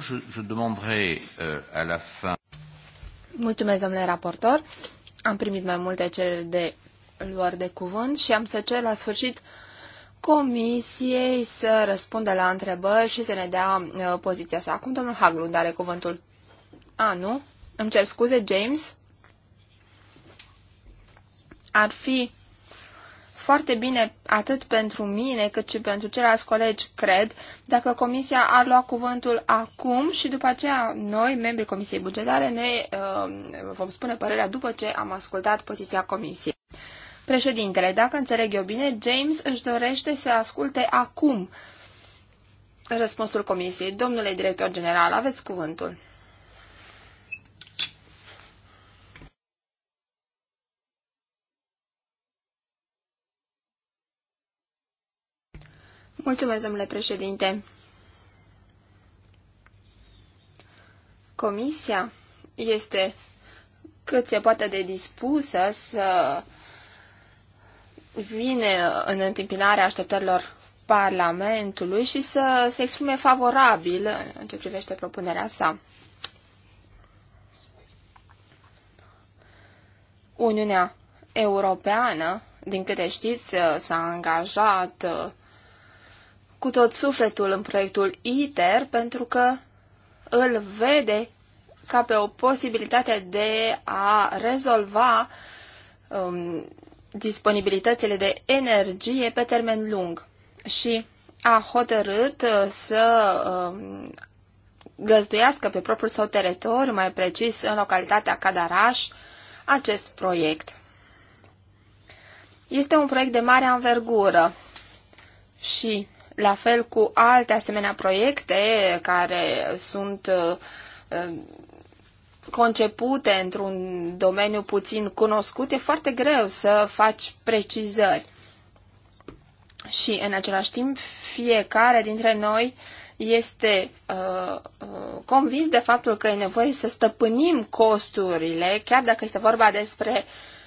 Mulțumesc, domnule raportor. Am primit mai multe cereri de luări de cuvânt și am să cer la sfârșit comisiei să răspundă la întrebări și să ne dea uh, poziția sa. Acum domnul Haglund are cuvântul. A, nu? Îmi cer scuze, James? ar fi foarte bine atât pentru mine cât și pentru ceilalți colegi, cred, dacă comisia ar lua cuvântul acum și după aceea noi, membrii Comisiei Bugetare, ne uh, vom spune părerea după ce am ascultat poziția comisiei. Președintele, dacă înțeleg eu bine, James își dorește să asculte acum răspunsul comisiei. Domnule director general, aveți cuvântul. Mulțumesc, domnule președinte. Comisia este cât se poate de dispusă să vine în întâmpinarea așteptărilor Parlamentului și să se exprime favorabil în ce privește propunerea sa. Uniunea Europeană, din câte știți, s-a angajat cu tot sufletul în proiectul ITER pentru că îl vede ca pe o posibilitate de a rezolva um, disponibilitățile de energie pe termen lung și a hotărât uh, să um, găzduiască pe propriul său teritoriu, mai precis în localitatea Cadaraș, acest proiect. Este un proiect de mare anvergură și la fel cu alte asemenea proiecte care sunt uh, concepute într-un domeniu puțin cunoscut, e foarte greu să faci precizări. Și în același timp, fiecare dintre noi este uh, uh convins de faptul că e nevoie să stăpânim costurile, chiar dacă este vorba despre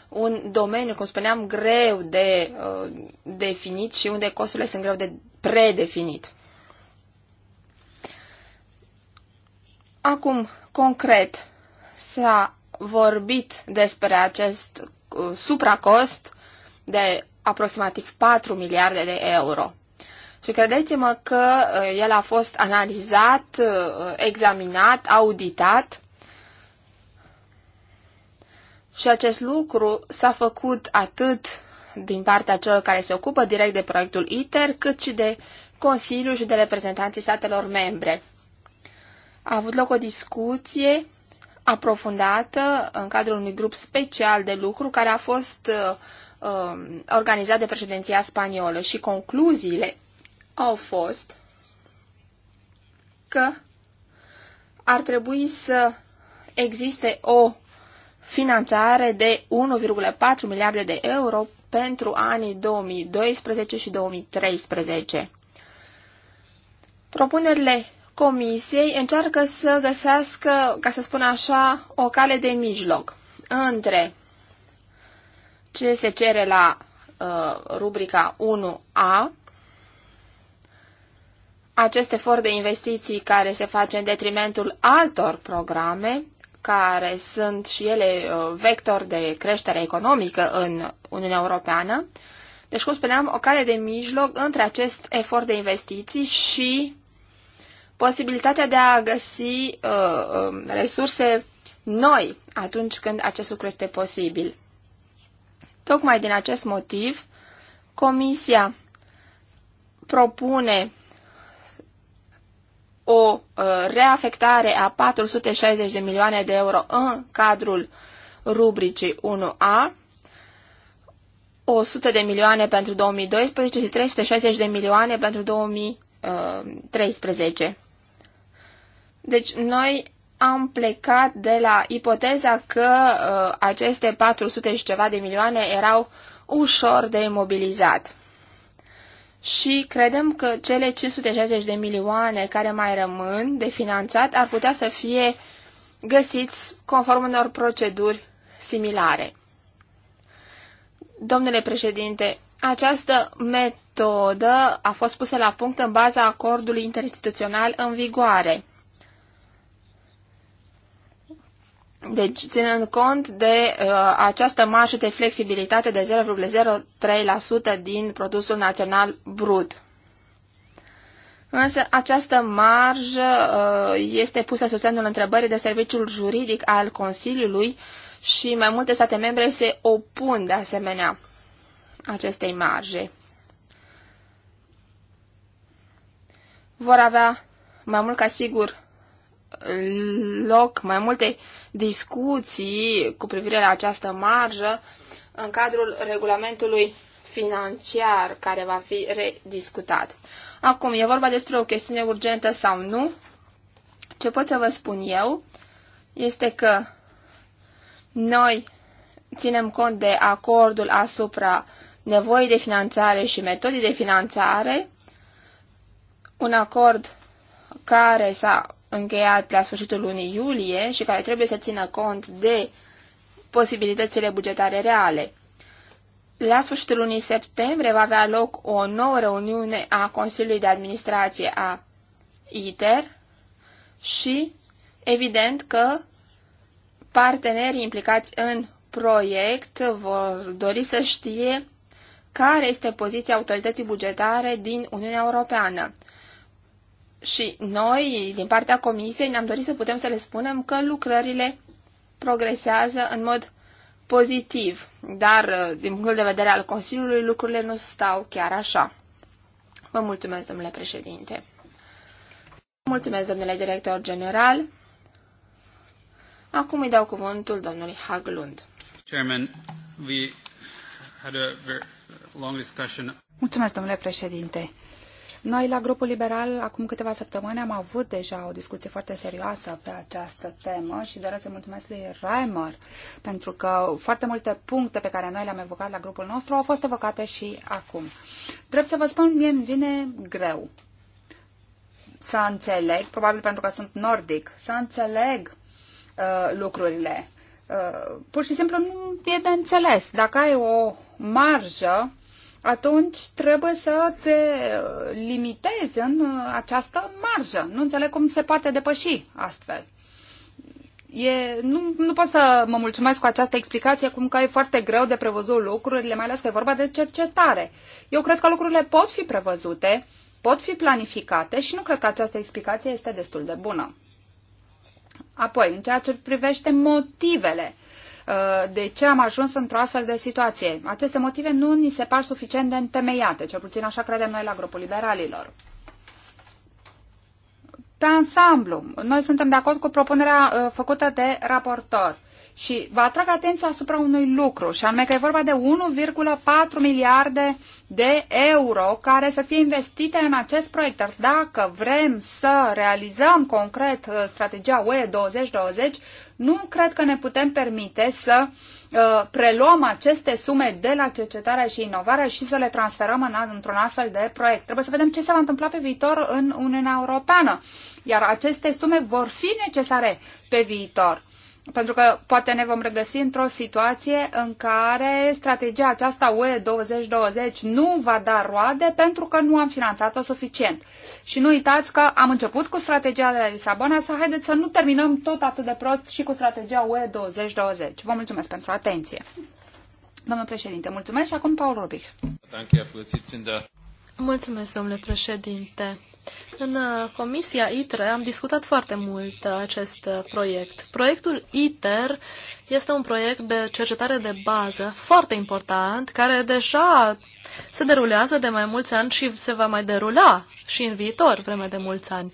un domeniu, cum spuneam, greu de uh, definit și unde costurile sunt greu de predefinit. Acum, concret, s-a vorbit despre acest uh, supracost de aproximativ 4 miliarde de euro. Și credeți-mă că uh, el a fost analizat, uh, examinat, auditat și acest lucru s-a făcut atât din partea celor care se ocupă direct de proiectul ITER, cât și de Consiliu și de reprezentanții statelor membre. A avut loc o discuție aprofundată în cadrul unui grup special de lucru care a fost uh, um, organizat de președinția spaniolă și concluziile au fost că ar trebui să existe o finanțare de 1,4 miliarde de euro pentru anii 2012 și 2013. Propunerile Comisiei încearcă să găsească, ca să spun așa, o cale de mijloc între ce se cere la uh, rubrica 1A, acest efort de investiții care se face în detrimentul altor programe care sunt și ele uh, vector de creștere economică în Uniunea Europeană. Deci, cum spuneam, o cale de mijloc între acest efort de investiții și posibilitatea de a găsi uh, um, resurse noi atunci când acest lucru este posibil. Tocmai din acest motiv, Comisia propune o uh, reafectare a 460 de milioane de euro în cadrul rubricii 1A, 100 de milioane pentru 2012 și 360 de milioane pentru 2013. Uh, deci noi am plecat de la ipoteza că uh, aceste 400 și ceva de milioane erau ușor de imobilizat și credem că cele 560 de milioane care mai rămân de finanțat ar putea să fie găsiți conform unor proceduri similare. Domnule președinte, această metodă a fost pusă la punct în baza acordului interinstituțional în vigoare. Deci, ținând cont de uh, această marjă de flexibilitate de 0,03% din produsul național brut. Însă această marjă uh, este pusă sub semnul întrebării de serviciul juridic al Consiliului și mai multe state membre se opun de asemenea acestei marje. Vor avea mai mult ca sigur loc mai multe discuții cu privire la această marjă în cadrul regulamentului financiar care va fi rediscutat. Acum, e vorba despre o chestiune urgentă sau nu? Ce pot să vă spun eu este că noi ținem cont de acordul asupra nevoii de finanțare și metodii de finanțare, un acord care s-a încheiat la sfârșitul lunii iulie și care trebuie să țină cont de posibilitățile bugetare reale. La sfârșitul lunii septembrie va avea loc o nouă reuniune a Consiliului de Administrație a ITER și evident că partenerii implicați în proiect vor dori să știe care este poziția autorității bugetare din Uniunea Europeană și noi, din partea comisiei, ne-am dorit să putem să le spunem că lucrările progresează în mod pozitiv, dar uh, din punctul de vedere al Consiliului lucrurile nu stau chiar așa. Vă mulțumesc, domnule președinte. Mulțumesc, domnule director general. Acum îi dau cuvântul domnului Haglund. Chairman, we had a very long discussion. Mulțumesc, domnule președinte. Noi, la grupul liberal, acum câteva săptămâni am avut deja o discuție foarte serioasă pe această temă și doresc să mulțumesc lui Reimer, pentru că foarte multe puncte pe care noi le-am evocat la grupul nostru au fost evocate și acum. Drept să vă spun, mie îmi vine greu să înțeleg, probabil pentru că sunt nordic, să înțeleg uh, lucrurile. Uh, pur și simplu nu e de înțeles. Dacă ai o marjă atunci trebuie să te limitezi în uh, această marjă. Nu înțeleg cum se poate depăși astfel. E, nu, nu pot să mă mulțumesc cu această explicație, cum că e foarte greu de prevăzut lucrurile, mai ales că e vorba de cercetare. Eu cred că lucrurile pot fi prevăzute, pot fi planificate și nu cred că această explicație este destul de bună. Apoi, în ceea ce privește motivele Uh, de ce am ajuns într-o astfel de situație. Aceste motive nu ni se par suficient de întemeiate, cel puțin așa credem noi la grupul liberalilor. Pe ansamblu, noi suntem de acord cu propunerea uh, făcută de raportor. Și vă atrag atenția asupra unui lucru, și anume că e vorba de 1,4 miliarde de euro care să fie investite în acest proiect. Dar dacă vrem să realizăm concret uh, strategia UE 2020, nu cred că ne putem permite să uh, preluăm aceste sume de la cercetarea și inovarea și să le transferăm în, într-un astfel de proiect. Trebuie să vedem ce se va întâmpla pe viitor în Uniunea Europeană, iar aceste sume vor fi necesare pe viitor pentru că poate ne vom regăsi într-o situație în care strategia aceasta UE 2020 nu va da roade pentru că nu am finanțat-o suficient. Și nu uitați că am început cu strategia de la Lisabona, să haideți să nu terminăm tot atât de prost și cu strategia UE 2020. Vă mulțumesc pentru atenție. Domnul președinte, mulțumesc și acum Paul Rubic. Mulțumesc, domnule președinte. În uh, Comisia ITRE am discutat foarte mult uh, acest uh, proiect. Proiectul ITER este un proiect de cercetare de bază foarte important, care deja se derulează de mai mulți ani și se va mai derula și în viitor, vreme de mulți ani.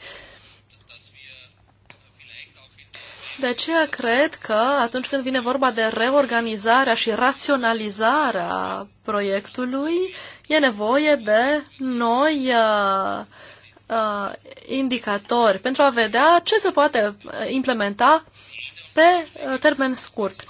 De aceea cred că atunci când vine vorba de reorganizarea și raționalizarea proiectului, e nevoie de noi uh, uh, indicatori pentru a vedea ce se poate uh, implementa pe uh, termen scurt. Uh,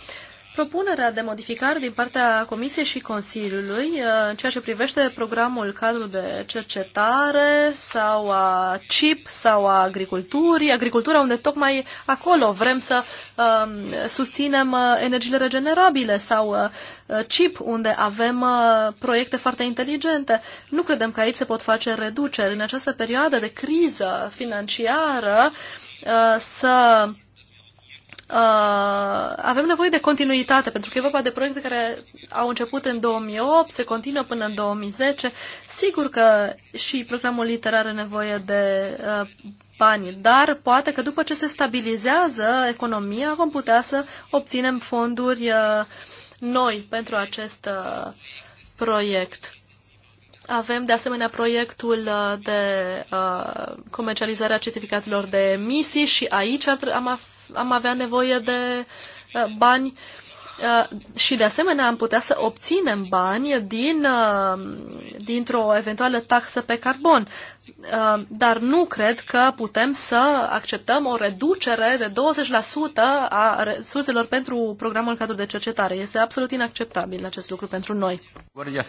Propunerea de modificare din partea Comisiei și Consiliului uh, în ceea ce privește programul cadru de cercetare sau a CIP sau a agriculturii, agricultura unde tocmai acolo vrem să um, susținem uh, energiile regenerabile sau uh, CIP unde avem uh, proiecte foarte inteligente. Nu credem că aici se pot face reduceri. În această perioadă de criză financiară uh, să uh, avem nevoie de continuitate, pentru că e vorba de proiecte care au început în 2008, se continuă până în 2010. Sigur că și programul literar are nevoie de uh, bani, dar poate că după ce se stabilizează economia, vom putea să obținem fonduri uh, noi pentru acest uh, proiect. Avem de asemenea proiectul uh, de uh, comercializare a certificatelor de emisii și aici am, am avea nevoie de uh, bani și de asemenea am putea să obținem bani din, dintr-o eventuală taxă pe carbon. Dar nu cred că putem să acceptăm o reducere de 20% a resurselor pentru programul cadru de cercetare. Este absolut inacceptabil acest lucru pentru noi. Guardia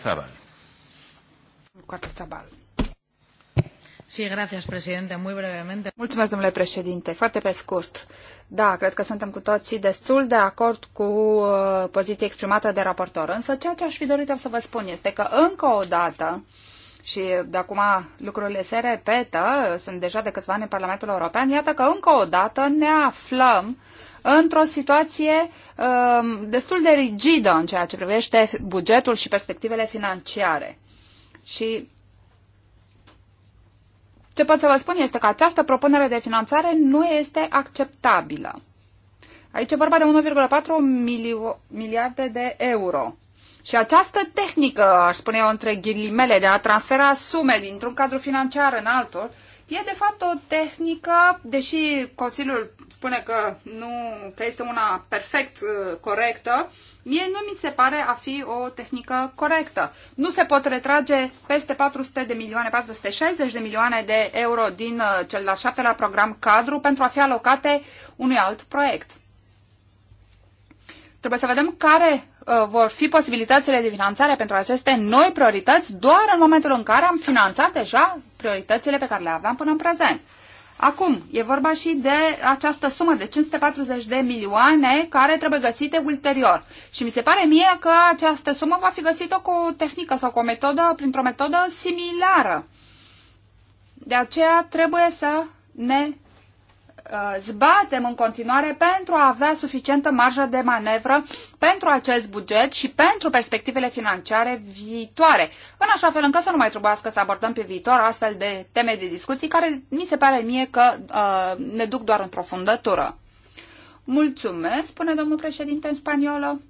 Mulțumesc, domnule președinte. Foarte pe scurt. Da, cred că suntem cu toții destul de acord cu uh, poziția exprimată de raportor. Însă ceea ce aș fi dorit să vă spun este că încă o dată și de acum lucrurile se repetă, sunt deja de câțiva ani în Parlamentul European, iată că încă o dată ne aflăm într-o situație um, destul de rigidă în ceea ce privește bugetul și perspectivele financiare. Și ce pot să vă spun este că această propunere de finanțare nu este acceptabilă. Aici e vorba de 1,4 miliarde de euro. Și această tehnică, aș spune eu între ghilimele, de a transfera sume dintr-un cadru financiar în altul, E de fapt o tehnică, deși Consiliul spune că, nu, că este una perfect uh, corectă, mie nu mi se pare a fi o tehnică corectă. Nu se pot retrage peste 400 de milioane, 460 de milioane de euro din uh, cel de-al șaptelea program cadru pentru a fi alocate unui alt proiect. Trebuie să vedem care uh, vor fi posibilitățile de finanțare pentru aceste noi priorități doar în momentul în care am finanțat deja prioritățile pe care le aveam până în prezent. Acum, e vorba și de această sumă de 540 de milioane care trebuie găsite ulterior. Și mi se pare mie că această sumă va fi găsită cu o tehnică sau cu o metodă, printr-o metodă similară. De aceea trebuie să ne Uh, zbatem în continuare pentru a avea suficientă marjă de manevră pentru acest buget și pentru perspectivele financiare viitoare, în așa fel încât să nu mai trebuiască să abordăm pe viitor astfel de teme de discuții care mi se pare mie că uh, ne duc doar într-o fundătură. Mulțumesc, spune domnul președinte în spaniolă.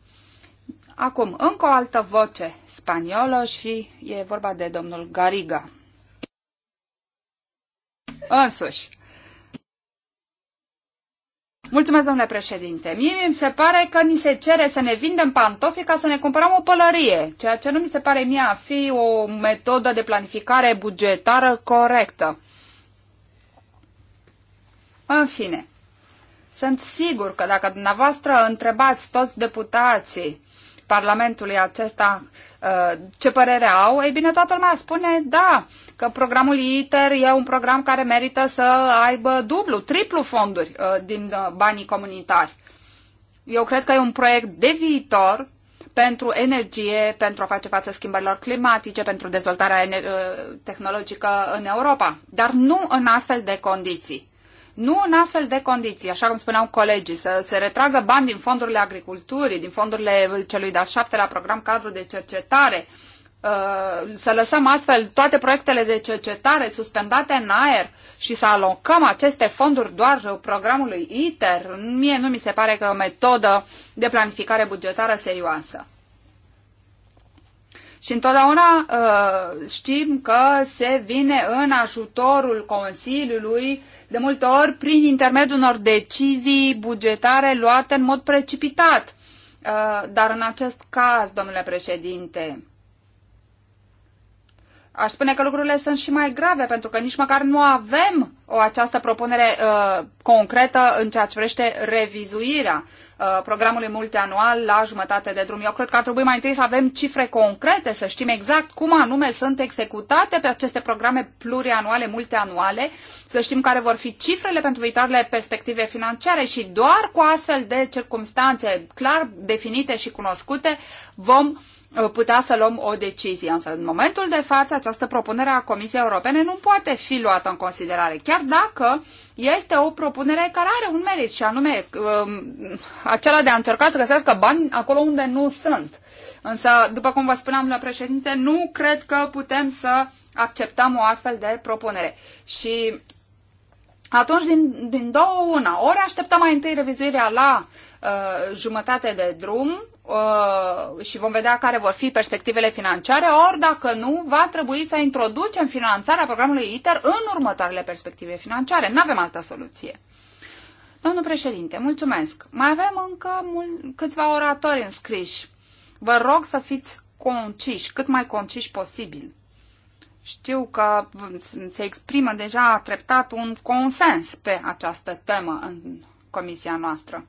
Acum, încă o altă voce spaniolă și e vorba de domnul Gariga. Însuși. Mulțumesc, domnule președinte. Mie mi se pare că ni se cere să ne vindem pantofii ca să ne cumpărăm o pălărie, ceea ce nu mi se pare mie a fi o metodă de planificare bugetară corectă. În fine, sunt sigur că dacă dumneavoastră întrebați toți deputații Parlamentului acesta uh, ce părere au, ei bine, toată lumea spune da, că programul ITER e un program care merită să aibă dublu, triplu fonduri uh, din uh, banii comunitari. Eu cred că e un proiect de viitor pentru energie, pentru a face față schimbărilor climatice, pentru dezvoltarea tehnologică în Europa, dar nu în astfel de condiții. Nu în astfel de condiții, așa cum spuneau colegii, să se retragă bani din fondurile agriculturii, din fondurile celui de-al șaptelea program cadru de cercetare, uh, să lăsăm astfel toate proiectele de cercetare suspendate în aer și să alocăm aceste fonduri doar programului ITER, mie nu mi se pare că e o metodă de planificare bugetară serioasă. Și întotdeauna uh, știm că se vine în ajutorul Consiliului, de multe ori prin intermediul unor decizii bugetare luate în mod precipitat. Uh, dar în acest caz, domnule președinte, Aș spune că lucrurile sunt și mai grave, pentru că nici măcar nu avem o această propunere uh, concretă în ceea ce privește revizuirea uh, programului multianual la jumătate de drum. Eu cred că ar trebui mai întâi să avem cifre concrete, să știm exact cum anume sunt executate pe aceste programe plurianuale, multianuale, să știm care vor fi cifrele pentru viitoarele perspective financiare și doar cu astfel de circumstanțe clar definite și cunoscute vom putea să luăm o decizie. Însă, în momentul de față, această propunere a Comisiei Europene nu poate fi luată în considerare, chiar dacă este o propunere care are un merit, și anume um, acela de a încerca să găsească bani acolo unde nu sunt. Însă, după cum vă spuneam la președinte, nu cred că putem să acceptăm o astfel de propunere. Și atunci, din, din două una, ori așteptăm mai întâi revizuirea la uh, jumătate de drum, Uh, și vom vedea care vor fi perspectivele financiare, ori dacă nu, va trebui să introducem finanțarea programului ITER în următoarele perspective financiare. Nu avem altă soluție. Domnul președinte, mulțumesc. Mai avem încă mul- câțiva oratori înscriși. Vă rog să fiți conciși, cât mai conciși posibil. Știu că se exprimă deja treptat un consens pe această temă în comisia noastră.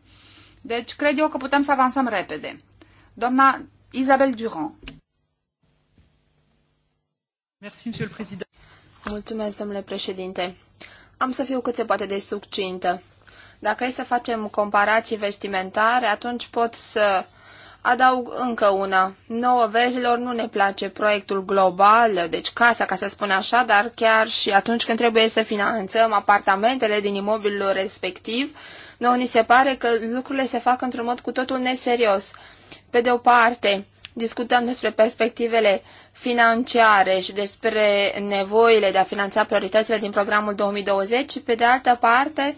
Deci, cred eu că putem să avansăm repede. Doamna Isabel Durand. Merci, Monsieur le Président. Mulțumesc, domnule președinte. Am să fiu cât se poate de succintă. Dacă e să facem comparații vestimentare, atunci pot să adaug încă una. Nouă vezilor nu ne place proiectul global, deci casa, ca să spun așa, dar chiar și atunci când trebuie să finanțăm apartamentele din imobilul respectiv, noi ni se pare că lucrurile se fac într-un mod cu totul neserios. Pe de o parte, discutăm despre perspectivele financiare și despre nevoile de a finanța prioritățile din programul 2020 și pe de altă parte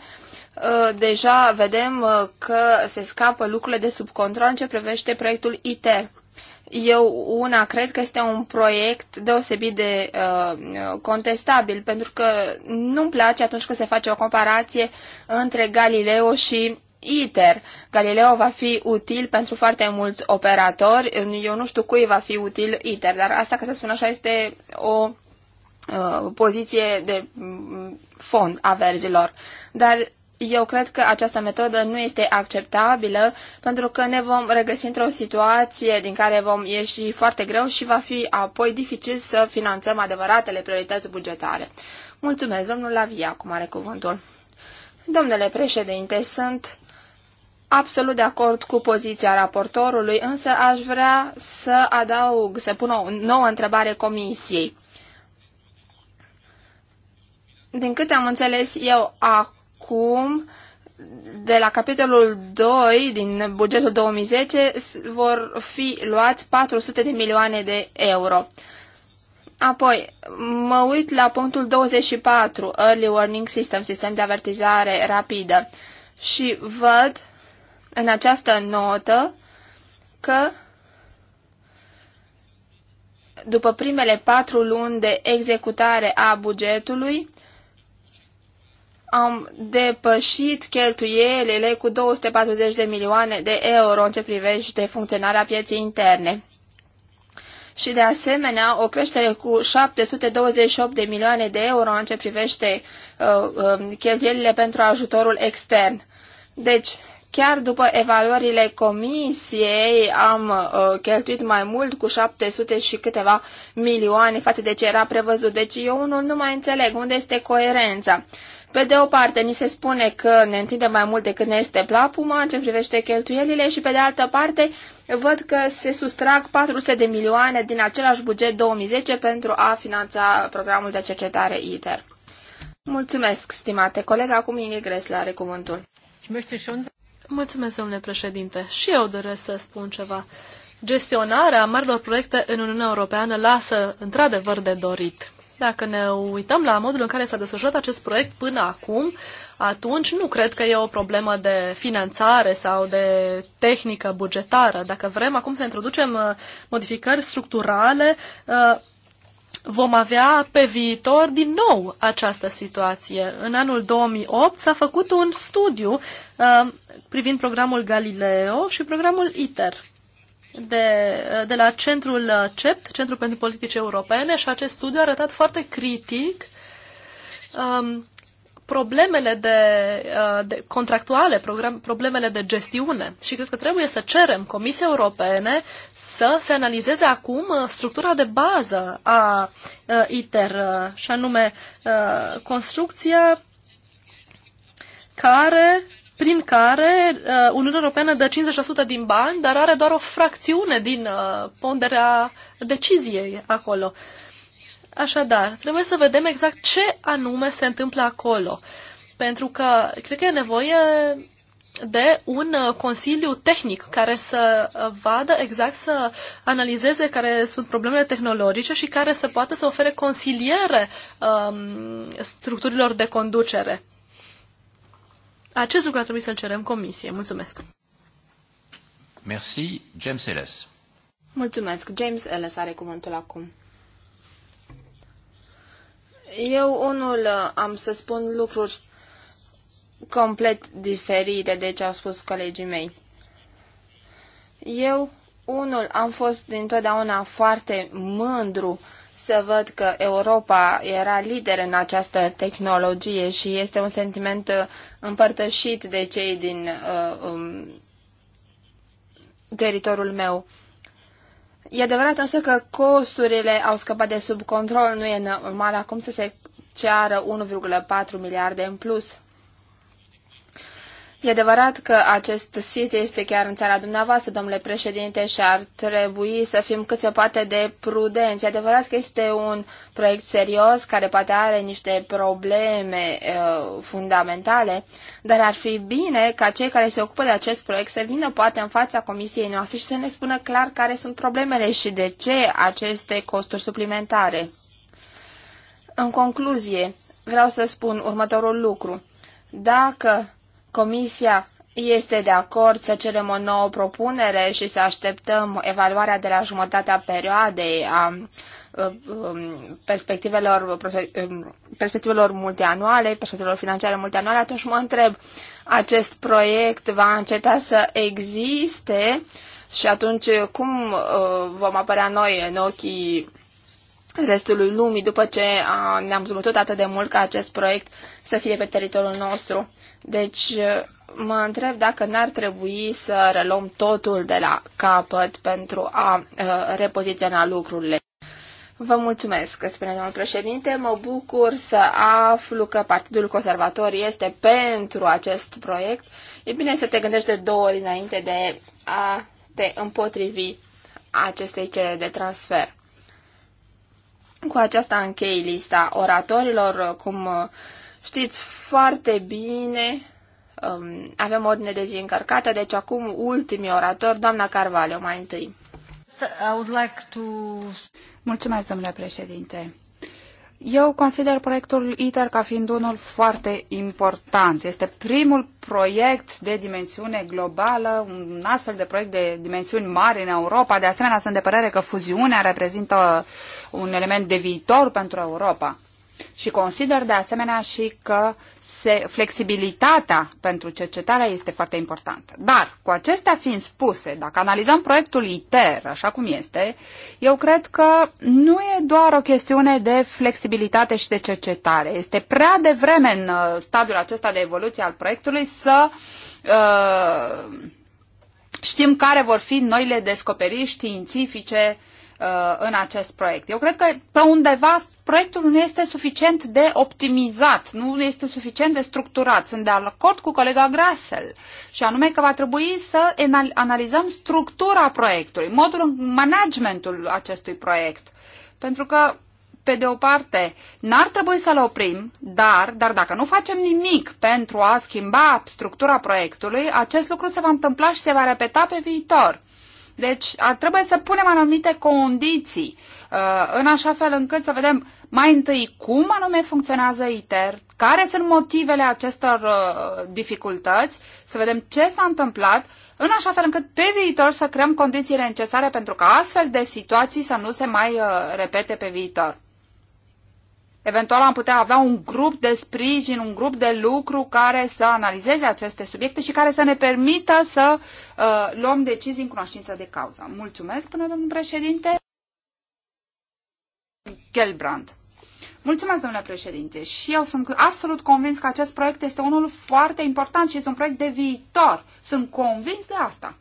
uh, deja vedem uh, că se scapă lucrurile de sub control în ce privește proiectul ITER. Eu una cred că este un proiect deosebit de uh, contestabil, pentru că nu-mi place atunci când se face o comparație între Galileo și ITER. Galileo va fi util pentru foarte mulți operatori, eu nu știu cui va fi util ITER, dar asta, ca să spun așa, este o uh, poziție de mm, fond a verzilor. Dar eu cred că această metodă nu este acceptabilă pentru că ne vom regăsi într-o situație din care vom ieși foarte greu și va fi apoi dificil să finanțăm adevăratele priorități bugetare. Mulțumesc, domnul Lavia, acum are cuvântul. Domnule președinte, sunt absolut de acord cu poziția raportorului, însă aș vrea să adaug, să pun o nouă întrebare comisiei. Din câte am înțeles eu acum, acum de la capitolul 2 din bugetul 2010 vor fi luați 400 de milioane de euro. Apoi, mă uit la punctul 24, Early Warning System, sistem de avertizare rapidă, și văd în această notă că după primele patru luni de executare a bugetului, am depășit cheltuielile cu 240 de milioane de euro în ce privește funcționarea pieței interne. Și de asemenea o creștere cu 728 de milioane de euro în ce privește uh, uh, cheltuielile pentru ajutorul extern. Deci, chiar după evaluările comisiei am uh, cheltuit mai mult cu 700 și câteva milioane față de ce era prevăzut. Deci eu unul nu mai înțeleg unde este coerența. Pe de o parte, ni se spune că ne întindem mai mult decât ne este plapuma în ce privește cheltuielile și pe de altă parte, văd că se sustrag 400 de milioane din același buget 2010 pentru a finanța programul de cercetare ITER. Mulțumesc, stimate coleg. Acum Ingrid Gresla are Mulțumesc, domnule președinte. Și eu doresc să spun ceva. Gestionarea marilor proiecte în Uniunea Europeană lasă într-adevăr de dorit. Dacă ne uităm la modul în care s-a desfășurat acest proiect până acum, atunci nu cred că e o problemă de finanțare sau de tehnică bugetară. Dacă vrem acum să introducem uh, modificări structurale, uh, vom avea pe viitor din nou această situație. În anul 2008 s-a făcut un studiu uh, privind programul Galileo și programul ITER de, de la centrul CEPT, Centrul pentru Politici Europene, și acest studiu a arătat foarte critic um, problemele de, uh, de contractuale, program, problemele de gestiune. Și cred că trebuie să cerem Comisiei Europene să se analizeze acum uh, structura de bază a uh, ITER, și anume construcția care prin care uh, Uniunea Europeană dă 50% din bani, dar are doar o fracțiune din uh, ponderea deciziei acolo. Așadar, trebuie să vedem exact ce anume se întâmplă acolo. Pentru că cred că e nevoie de un uh, consiliu tehnic care să uh, vadă exact, să analizeze care sunt problemele tehnologice și care să poată să ofere consiliere uh, structurilor de conducere. Acest lucru ar trebui să-l cerem comisie. Mulțumesc. Merci, James Ellis. Mulțumesc. James Ellis are cuvântul acum. Eu, unul, am să spun lucruri complet diferite de ce au spus colegii mei. Eu, unul, am fost dintotdeauna foarte mândru să văd că Europa era lider în această tehnologie și este un sentiment uh, împărtășit de cei din uh, um, teritoriul meu. E adevărat însă că costurile au scăpat de sub control, nu e normal acum să se ceară 1,4 miliarde în plus. E adevărat că acest sit este chiar în țara dumneavoastră, domnule președinte, și ar trebui să fim cât se poate de prudenți. E adevărat că este un proiect serios care poate are niște probleme uh, fundamentale, dar ar fi bine ca cei care se ocupă de acest proiect să vină poate în fața comisiei noastre și să ne spună clar care sunt problemele și de ce aceste costuri suplimentare. În concluzie, vreau să spun următorul lucru. Dacă Comisia este de acord să cerem o nouă propunere și să așteptăm evaluarea de la jumătatea perioadei a um, um, perspectivelor, um, perspectivelor multianuale, perspectivelor financiare multianuale, atunci mă întreb, acest proiect va înceta să existe și atunci cum uh, vom apărea noi în ochii restului lumii după ce ne-am zbătut atât de mult ca acest proiect să fie pe teritoriul nostru. Deci mă întreb dacă n-ar trebui să reluăm totul de la capăt pentru a repoziționa lucrurile. Vă mulțumesc, spune domnul președinte. Mă bucur să aflu că Partidul Conservator este pentru acest proiect. E bine să te gândești de două ori înainte de a te împotrivi acestei cereri de transfer. Cu aceasta închei lista oratorilor, cum uh, știți foarte bine, um, avem ordine de zi încărcată, deci acum ultimii oratori, doamna Carvalho, mai întâi. Mulțumesc, domnule președinte. Eu consider proiectul ITER ca fiind unul foarte important. Este primul proiect de dimensiune globală, un astfel de proiect de dimensiuni mari în Europa. De asemenea, sunt de părere că fuziunea reprezintă un element de viitor pentru Europa. Și consider de asemenea și că se, flexibilitatea pentru cercetarea este foarte importantă. Dar, cu acestea fiind spuse, dacă analizăm proiectul ITER așa cum este, eu cred că nu e doar o chestiune de flexibilitate și de cercetare. Este prea devreme în uh, stadiul acesta de evoluție al proiectului să uh, știm care vor fi noile descoperiri științifice uh, Uh, în acest proiect. Eu cred că pe undeva proiectul nu este suficient de optimizat, nu este suficient de structurat. Sunt de acord cu colega Grasel și anume că va trebui să analizăm structura proiectului, modul managementul acestui proiect. Pentru că pe de o parte, n-ar trebui să-l oprim, dar, dar dacă nu facem nimic pentru a schimba structura proiectului, acest lucru se va întâmpla și se va repeta pe viitor. Deci ar trebui să punem anumite condiții uh, în așa fel încât să vedem mai întâi cum anume funcționează ITER, care sunt motivele acestor uh, dificultăți, să vedem ce s-a întâmplat, în așa fel încât pe viitor să creăm condițiile necesare pentru ca astfel de situații să nu se mai uh, repete pe viitor. Eventual am putea avea un grup de sprijin, un grup de lucru care să analizeze aceste subiecte și care să ne permită să uh, luăm decizii în cunoștință de cauză. Mulțumesc, până domnul președinte. Gelbrand. Mulțumesc, domnule președinte, și eu sunt absolut convins că acest proiect este unul foarte important și este un proiect de viitor. Sunt convins de asta.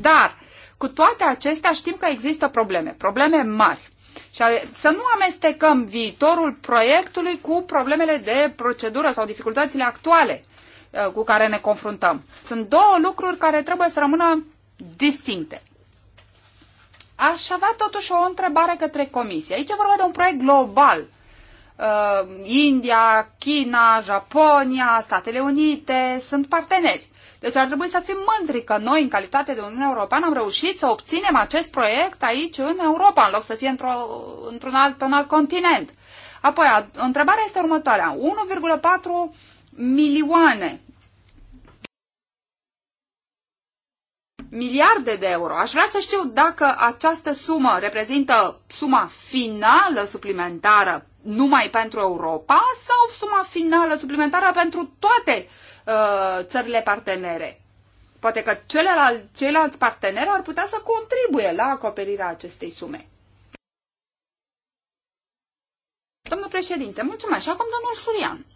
Dar, cu toate acestea, știm că există probleme, probleme mari. Și să nu amestecăm viitorul proiectului cu problemele de procedură sau dificultățile actuale uh, cu care ne confruntăm. Sunt două lucruri care trebuie să rămână distincte. Aș avea totuși o întrebare către comisie. Aici e vorba de un proiect global Uh, India, China, Japonia, Statele Unite sunt parteneri. Deci ar trebui să fim mândri că noi, în calitate de Uniune Europeană, am reușit să obținem acest proiect aici, în Europa, în loc să fie într-un într alt, un alt continent. Apoi, a, întrebarea este următoarea. 1,4 milioane miliarde de euro. Aș vrea să știu dacă această sumă reprezintă suma finală suplimentară numai pentru Europa sau suma finală suplimentară pentru toate uh, țările partenere? Poate că celălalt, ceilalți parteneri ar putea să contribuie la acoperirea acestei sume. Domnul președinte, mulțumesc. Și acum domnul Surian.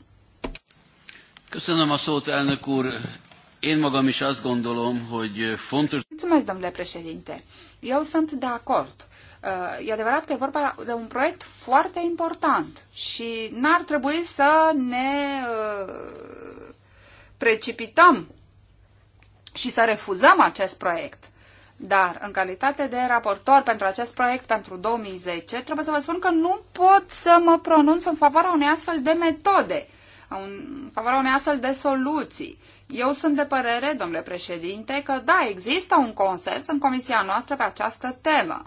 Căsănăm a szót, Én magam is azt gondolom, hogy fontos... Mulțumesc, domnule președinte. Eu sunt de acord Uh, e adevărat că e vorba de un proiect foarte important și n-ar trebui să ne uh, precipităm și să refuzăm acest proiect. Dar, în calitate de raportor pentru acest proiect pentru 2010, trebuie să vă spun că nu pot să mă pronunț în favoarea unei astfel de metode, în favoarea unei astfel de soluții. Eu sunt de părere, domnule președinte, că da, există un consens în comisia noastră pe această temă.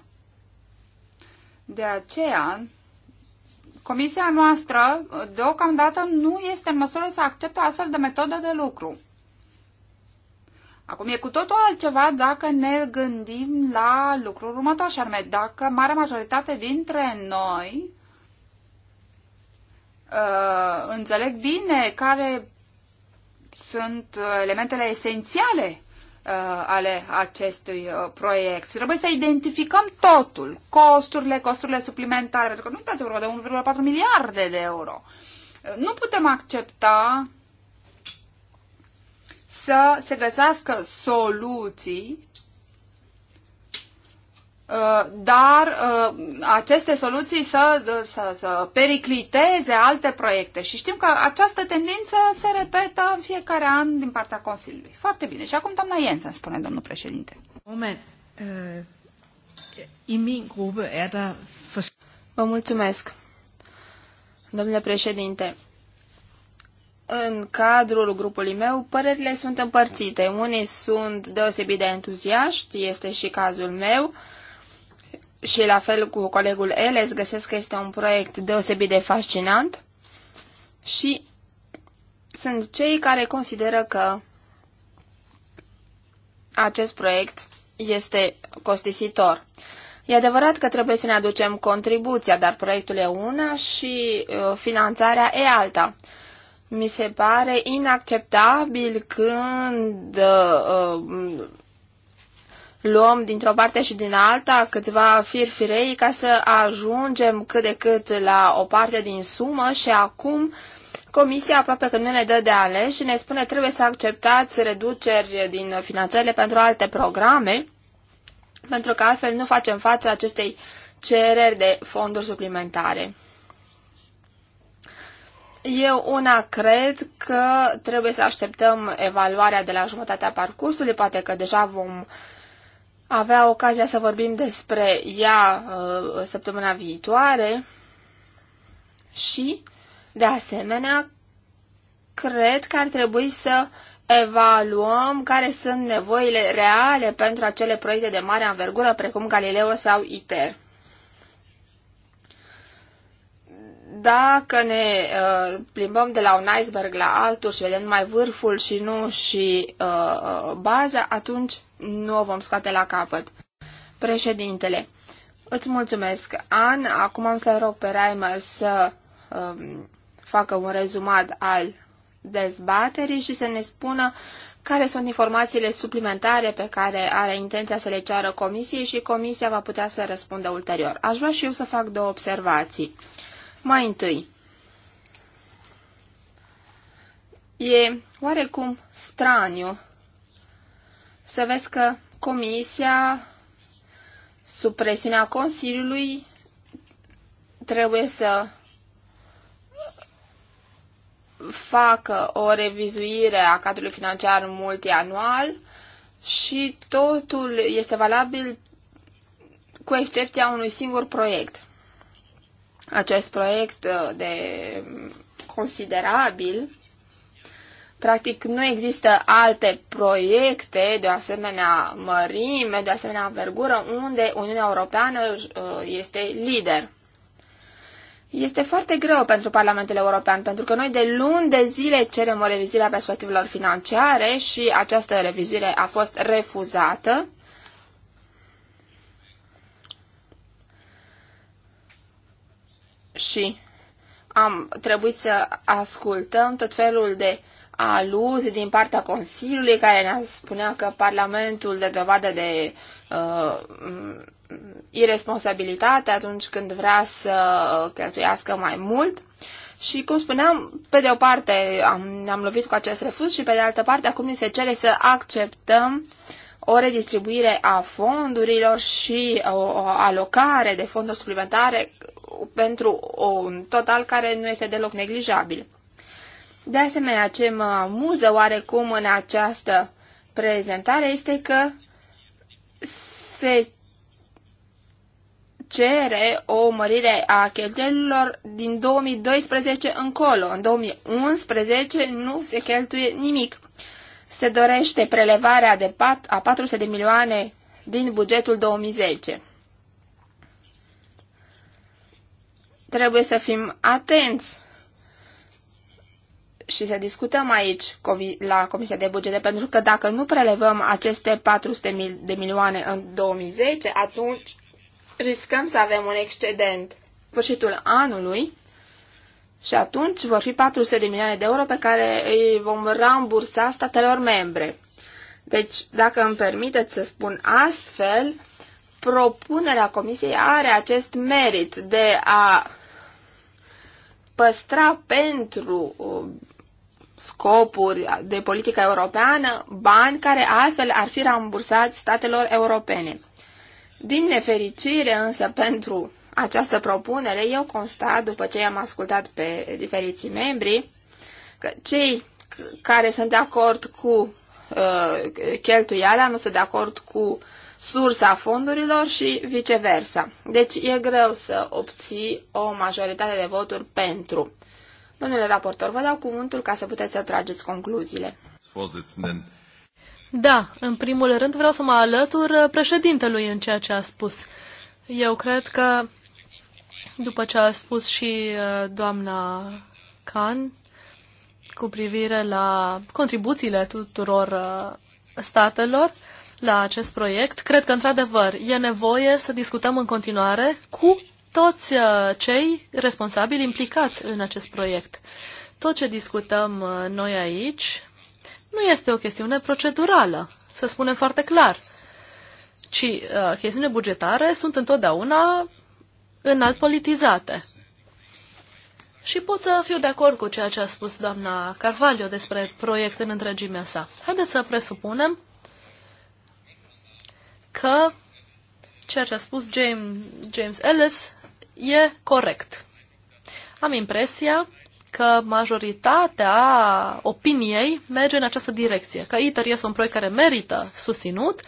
De aceea, comisia noastră deocamdată nu este în măsură să accepte astfel de metodă de lucru. Acum e cu totul altceva dacă ne gândim la lucrul următor și anume dacă marea majoritate dintre noi uh, înțeleg bine care sunt elementele esențiale uh, ale acestui uh, proiect. trebuie să identificăm totul, costurile, costurile suplimentare, pentru că nu uitați, vorba de 1,4 miliarde de euro. Uh, nu putem accepta să se găsească soluții Uh, dar uh, aceste soluții să, uh, să, să pericliteze alte proiecte. Și știm că această tendință se repetă în fiecare an din partea Consiliului. Foarte bine. Și acum doamna Jensen, spune domnul președinte. Moment. În min grupă er der... Vă mulțumesc. Domnule președinte, în cadrul grupului meu, părerile sunt împărțite. Unii sunt deosebit de entuziaști, este și cazul meu, și la fel cu colegul Eles, găsesc că este un proiect deosebit de fascinant și sunt cei care consideră că acest proiect este costisitor. E adevărat că trebuie să ne aducem contribuția, dar proiectul e una și uh, finanțarea e alta. Mi se pare inacceptabil când uh, luăm dintr-o parte și din alta câțiva fir firei ca să ajungem cât de cât la o parte din sumă și acum Comisia aproape că nu ne dă de ales și ne spune trebuie să acceptați reduceri din finanțările pentru alte programe, pentru că altfel nu facem față acestei cereri de fonduri suplimentare. Eu una cred că trebuie să așteptăm evaluarea de la jumătatea parcursului, poate că deja vom avea ocazia să vorbim despre ea uh, săptămâna viitoare și, de asemenea, cred că ar trebui să evaluăm care sunt nevoile reale pentru acele proiecte de mare anvergură, precum Galileo sau ITER. dacă ne uh, plimbăm de la un iceberg la altul și vedem numai vârful și nu și uh, uh baza, atunci nu o vom scoate la capăt. Președintele, îți mulțumesc, An. Acum am să rog pe Reimer să uh, facă un rezumat al dezbaterii și să ne spună care sunt informațiile suplimentare pe care are intenția să le ceară comisiei și comisia va putea să răspundă ulterior. Aș vrea și eu să fac două observații. Mai întâi, e oarecum straniu să vezi că Comisia, sub presiunea Consiliului, trebuie să facă o revizuire a cadrului financiar multianual și totul este valabil cu excepția unui singur proiect acest proiect uh, de considerabil. Practic nu există alte proiecte de o asemenea mărime, de o asemenea vergură, unde Uniunea Europeană uh, este lider. Este foarte greu pentru Parlamentul European, pentru că noi de luni de zile cerem o revizire a perspectivelor financiare și această revizire a fost refuzată. și am trebuit să ascultăm tot felul de aluzii din partea Consiliului care ne spunea că Parlamentul de dovadă de uh, irresponsabilitate atunci când vrea să cheltuiască mai mult. Și, cum spuneam, pe de o parte am, ne-am lovit cu acest refuz și, pe de altă parte, acum ni se cere să acceptăm o redistribuire a fondurilor și o, o alocare de fonduri suplimentare pentru un total care nu este deloc neglijabil. De asemenea, ce mă amuză oarecum în această prezentare este că se cere o mărire a cheltuielilor din 2012 încolo. În 2011 nu se cheltuie nimic. Se dorește prelevarea de pat, a 400 de milioane din bugetul 2010. trebuie să fim atenți și să discutăm aici la Comisia de Bugete, pentru că dacă nu prelevăm aceste 400 de milioane în 2010, atunci riscăm să avem un excedent sfârșitul anului și atunci vor fi 400 de milioane de euro pe care îi vom rambursa statelor membre. Deci, dacă îmi permiteți să spun astfel, propunerea Comisiei are acest merit de a păstra pentru uh, scopuri de politică europeană bani care altfel ar fi rambursați statelor europene. Din nefericire însă pentru această propunere, eu constat, după ce am ascultat pe diferiții membri, că cei care sunt de acord cu uh, cheltuiala nu sunt de acord cu sursa fondurilor și viceversa. Deci e greu să obții o majoritate de voturi pentru. Domnule raportor, vă dau cuvântul ca să puteți să trageți concluziile. Da, în primul rând vreau să mă alătur uh, președintelui în ceea ce a spus. Eu cred că, după ce a spus și uh, doamna Khan, cu privire la contribuțiile tuturor uh, statelor, la acest proiect. Cred că, într-adevăr, e nevoie să discutăm în continuare cu toți uh, cei responsabili implicați în acest proiect. Tot ce discutăm uh, noi aici nu este o chestiune procedurală, să spunem foarte clar, ci uh, chestiune bugetare sunt întotdeauna înalt politizate. Și pot să fiu de acord cu ceea ce a spus doamna Carvalho despre proiect în întregimea sa. Haideți să presupunem că ceea ce a spus James, James Ellis e corect. Am impresia că majoritatea opiniei merge în această direcție, că ITER este un proiect care merită susținut,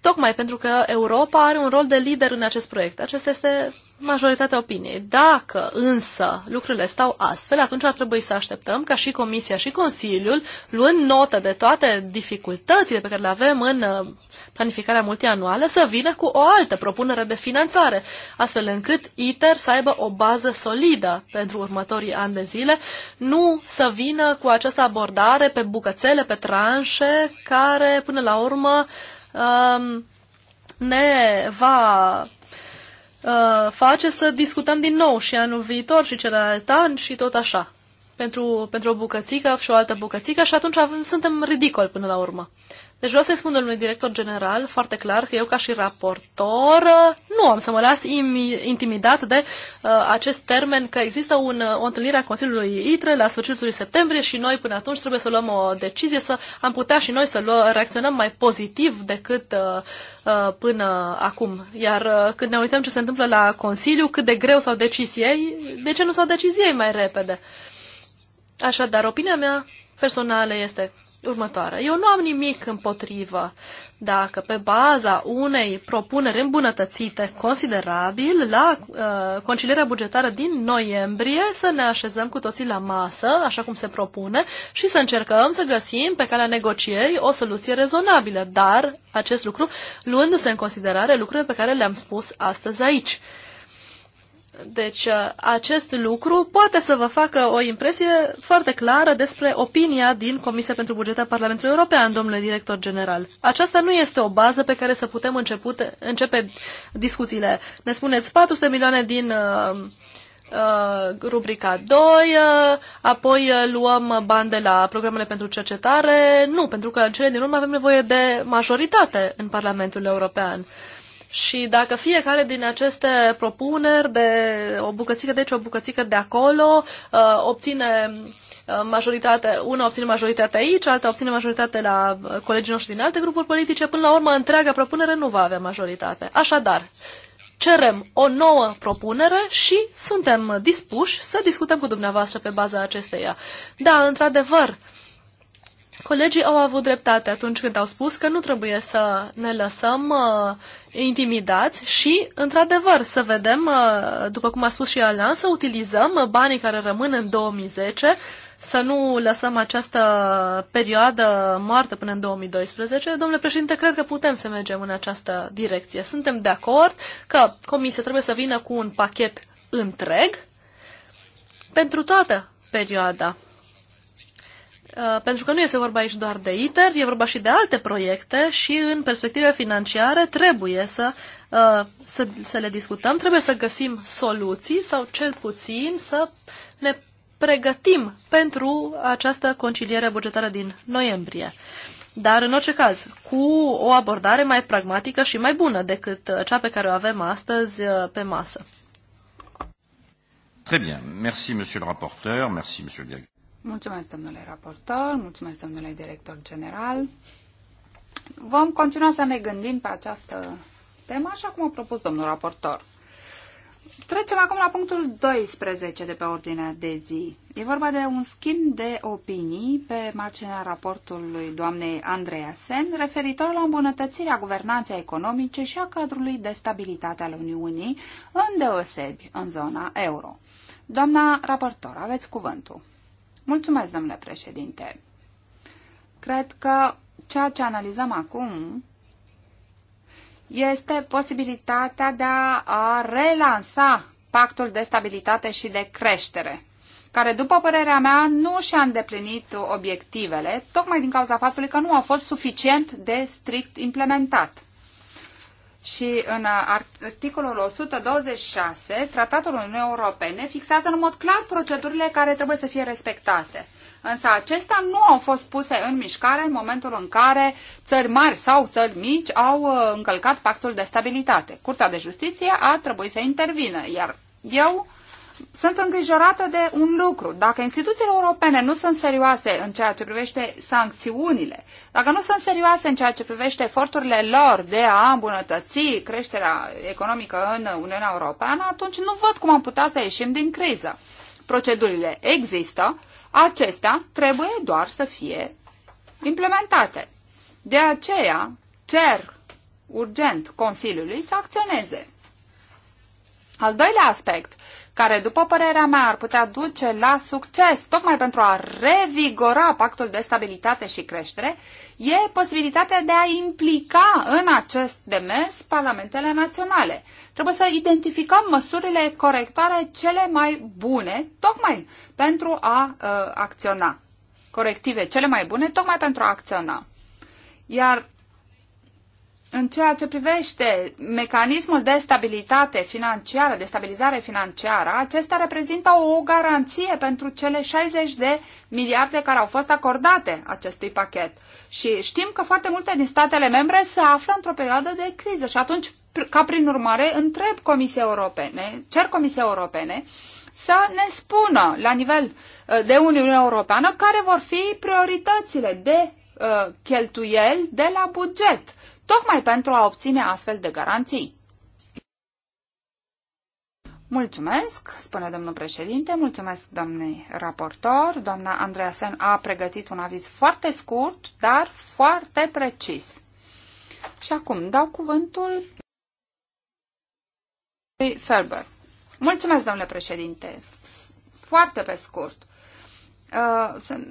tocmai pentru că Europa are un rol de lider în acest proiect. Acesta este majoritatea opiniei. Dacă însă lucrurile stau astfel, atunci ar trebui să așteptăm ca și Comisia și Consiliul, luând notă de toate dificultățile pe care le avem în uh, planificarea multianuală, să vină cu o altă propunere de finanțare, astfel încât ITER să aibă o bază solidă pentru următorii ani de zile, nu să vină cu această abordare pe bucățele, pe tranșe, care până la urmă um, ne va Uh, face să discutăm din nou și anul viitor și celălalt an și tot așa. Pentru, pentru o bucățică și o altă bucățică și atunci avem, suntem ridicoli până la urmă. Uh, deci vreau să-i spun domnului director general foarte clar că eu ca și raportor nu am să mă las intimidat de uh, acest termen că există un, uh, o întâlnire a Consiliului ITRE la sfârșitul septembrie și noi până atunci trebuie să luăm o decizie, să am putea și noi să lua, reacționăm mai pozitiv decât uh, uh, până acum. Iar uh, când ne uităm ce se întâmplă la Consiliu, cât de greu s-au decis ei, de ce nu s-au decis ei mai repede? Așadar, opinia mea personală este următoare. Eu nu am nimic împotrivă dacă pe baza unei propuneri îmbunătățite considerabil la uh, concilierea bugetară din noiembrie să ne așezăm cu toții la masă, așa cum se propune, și să încercăm să găsim pe calea negocierii o soluție rezonabilă, dar acest lucru luându-se în considerare lucrurile pe care le-am spus astăzi aici. Deci uh, acest lucru poate să vă facă o impresie foarte clară despre opinia din Comisia pentru Bugetea Parlamentului European, domnule director general. Aceasta nu este o bază pe care să putem începute, începe discuțiile. Ne spuneți 400 milioane din uh, uh, rubrica 2, uh, apoi uh, luăm bani de la programele pentru cercetare. Nu, pentru că în cele din urmă avem nevoie de majoritate în Parlamentul European. Uh, și dacă fiecare din aceste propuneri de o bucățică, aici, deci o bucățică de acolo, uh, obține uh, majoritate, una obține majoritate aici, alta obține majoritate la uh, colegii noștri din alte grupuri politice, până la urmă întreaga propunere nu va avea majoritate. Așadar, cerem o nouă propunere și suntem dispuși să discutăm cu dumneavoastră pe baza acesteia. Da, într-adevăr, uh, Colegii au avut dreptate atunci când au spus că nu trebuie să ne lăsăm uh, intimidați și, într-adevăr, să vedem, uh, după cum a spus și Alan, să utilizăm uh, banii care rămân în 2010, să nu lăsăm această perioadă moartă până în 2012. Domnule președinte, cred că putem să mergem în această direcție. Suntem de acord că comisia trebuie să vină cu un pachet întreg pentru toată perioada Uh, pentru că nu este vorba aici doar de ITER, e vorba și de alte proiecte și în perspective financiare trebuie să, uh, să, să le discutăm, trebuie să găsim soluții sau cel puțin să ne pregătim pentru această conciliere bugetară din noiembrie. Dar, în orice caz, cu o abordare mai pragmatică și mai bună decât cea pe care o avem astăzi uh, pe masă. Très bien. Merci, monsieur le rapporteur. Merci, monsieur le Mulțumesc, domnule raportor, mulțumesc, domnule director general. Vom continua să ne gândim pe această temă, așa cum a propus domnul raportor. Trecem acum la punctul 12 de pe ordinea de zi. E vorba de un schimb de opinii pe marginea raportului doamnei Andreasen referitor la îmbunătățirea guvernanței economice și a cadrului de stabilitate al Uniunii, îndeosebi în zona euro. Doamna raportor, aveți cuvântul. Mulțumesc, domnule președinte. Cred că ceea ce analizăm acum este posibilitatea de a relansa pactul de stabilitate și de creștere, care, după părerea mea, nu și-a îndeplinit obiectivele, tocmai din cauza faptului că nu a fost suficient de strict implementat. Și în articolul 126, Tratatul Uniunii Europene fixează în mod clar procedurile care trebuie să fie respectate. Însă acestea nu au fost puse în mișcare în momentul în care țări mari sau țări mici au uh, încălcat pactul de stabilitate. Curtea de Justiție a trebuit să intervină, iar eu sunt îngrijorată de un lucru. Dacă instituțiile europene nu sunt serioase în ceea ce privește sancțiunile, dacă nu sunt serioase în ceea ce privește eforturile lor de a îmbunătăți creșterea economică în Uniunea Europeană, atunci nu văd cum am putea să ieșim din criză. Procedurile există, acestea trebuie doar să fie implementate. De aceea cer urgent Consiliului să acționeze. Al doilea aspect care, după părerea mea, ar putea duce la succes, tocmai pentru a revigora pactul de stabilitate și creștere, e posibilitatea de a implica în acest demers parlamentele naționale. Trebuie să identificăm măsurile corectoare cele mai bune, tocmai pentru a uh, acționa. Corective cele mai bune, tocmai pentru a acționa. Iar în ceea ce privește mecanismul de stabilitate financiară, de stabilizare financiară, acesta reprezintă o garanție pentru cele 60 de miliarde care au fost acordate acestui pachet. Și știm că foarte multe din statele membre se află într-o perioadă de criză și atunci, ca prin urmare, întreb Comisia Europene, cer Comisia Europene să ne spună la nivel uh, de Uniunea Europeană care vor fi prioritățile de uh, cheltuieli de la buget tocmai pentru a obține astfel de garanții. Mulțumesc, spune domnul președinte, mulțumesc doamnei raportor. Doamna Andreasen a pregătit un aviz foarte scurt, dar foarte precis. Și acum dau cuvântul lui Ferber. Mulțumesc, domnule președinte. Foarte pe scurt. Uh,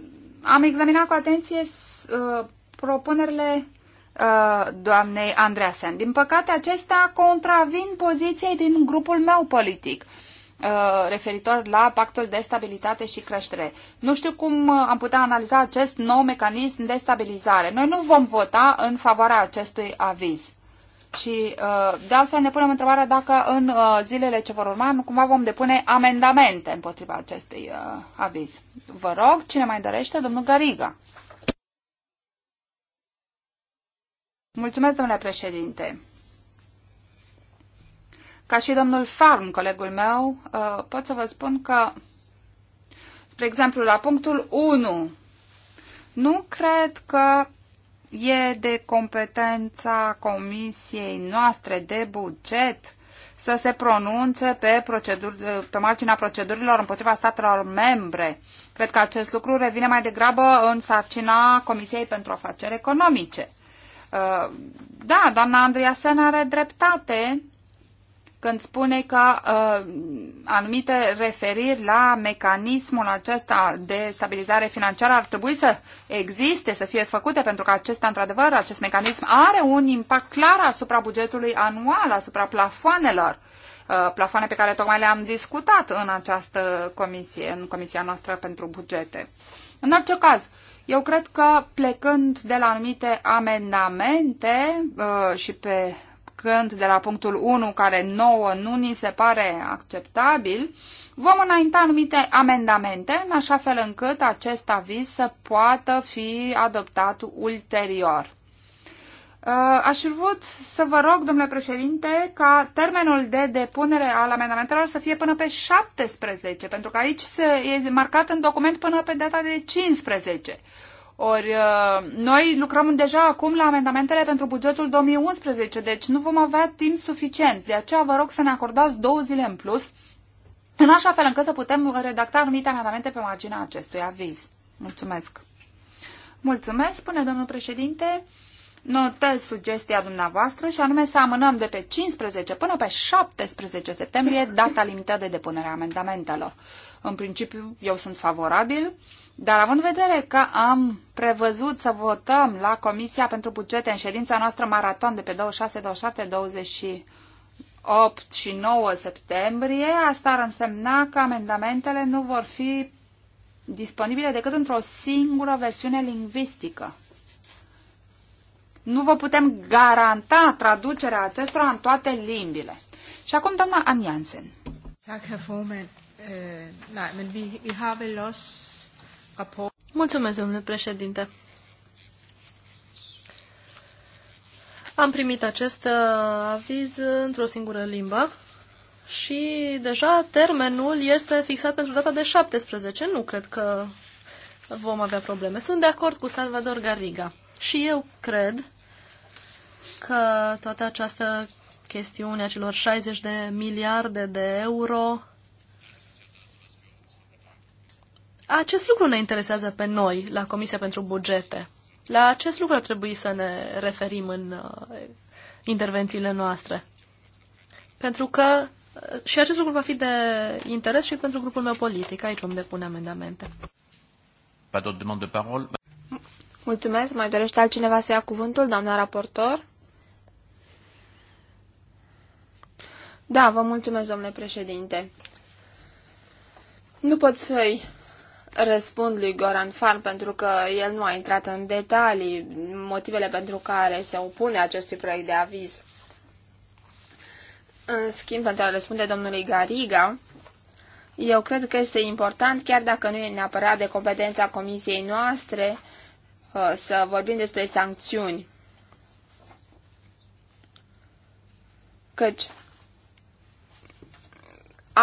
am examinat cu atenție uh, propunerile Uh, doamnei Andreasen. Din păcate, acestea contravin poziției din grupul meu politic uh, referitor la pactul de stabilitate și creștere. Nu știu cum uh, am putea analiza acest nou mecanism de stabilizare. Noi nu vom vota în favoarea acestui aviz. Și de altfel ne punem întrebarea dacă în zilele ce vor urma nu cumva vom depune amendamente împotriva acestui aviz. Vă rog, cine mai dorește? Domnul Gariga. Mulțumesc, domnule președinte. Ca și domnul Farm, colegul meu, uh, pot să vă spun că, spre exemplu, la punctul 1, nu cred că e de competența comisiei noastre de buget să se pronunțe pe, proceduri, uh, pe marginea procedurilor împotriva statelor membre. Cred că acest lucru revine mai degrabă în sarcina Comisiei pentru Afaceri Economice. Uh, da, doamna Andreasen are dreptate când spune că uh, anumite referiri la mecanismul acesta de stabilizare financiară ar trebui să existe, să fie făcute, pentru că acesta, într-adevăr, acest mecanism are un impact clar asupra bugetului anual, asupra plafoanelor, uh, plafoane pe care tocmai le-am discutat în această comisie, în comisia noastră pentru bugete. În orice caz, uh, eu cred că plecând de la anumite amendamente uh, și pe când de la punctul 1, care nouă nu ni se pare acceptabil, vom înainta anumite amendamente, în așa fel încât acest aviz să poată fi adoptat ulterior. Uh, aș vrut să vă rog, domnule președinte, ca termenul de depunere al amendamentelor să fie până pe 17, pentru că aici se, e marcat în document până pe data de 15. Ori uh, noi lucrăm deja acum la amendamentele pentru bugetul 2011, deci nu vom avea timp suficient. De aceea vă rog să ne acordați două zile în plus, în așa fel încât să putem redacta anumite amendamente pe marginea acestui aviz. Mulțumesc! Mulțumesc, spune domnul președinte notez sugestia dumneavoastră și anume să amânăm de pe 15 până pe 17 septembrie data limită de depunere a amendamentelor. În principiu, eu sunt favorabil, dar având în vedere că am prevăzut să votăm la Comisia pentru Bugete în ședința noastră maraton de pe 26, 27, 28 și 9 septembrie, asta ar însemna că amendamentele nu vor fi disponibile decât într-o singură versiune lingvistică nu vă putem garanta traducerea acestora în toate limbile. Și acum doamna Anjansen. Øh, Mulțumesc, domnule președinte. Am primit acest uh, aviz într-o singură limbă și deja termenul este fixat pentru data de 17. Nu cred că vom avea probleme. Sunt de acord cu Salvador Garriga. Și eu cred că toată această chestiune a celor 60 de miliarde de euro acest lucru ne interesează pe noi la Comisia pentru Bugete. La acest lucru ar trebui să ne referim în uh, intervențiile noastre. Pentru că uh, și acest lucru va fi de interes și pentru grupul meu politic. Aici vom depune amendamente. de Mulțumesc. Mai dorește altcineva să ia cuvântul, doamna raportor? Da, vă mulțumesc, domnule președinte. Nu pot să-i răspund lui Goran Far, pentru că el nu a intrat în detalii motivele pentru care se opune acestui proiect de aviz. În schimb, pentru a răspunde domnului Gariga, eu cred că este important, chiar dacă nu e neapărat de competența comisiei noastre, uh, să vorbim despre sancțiuni. Căci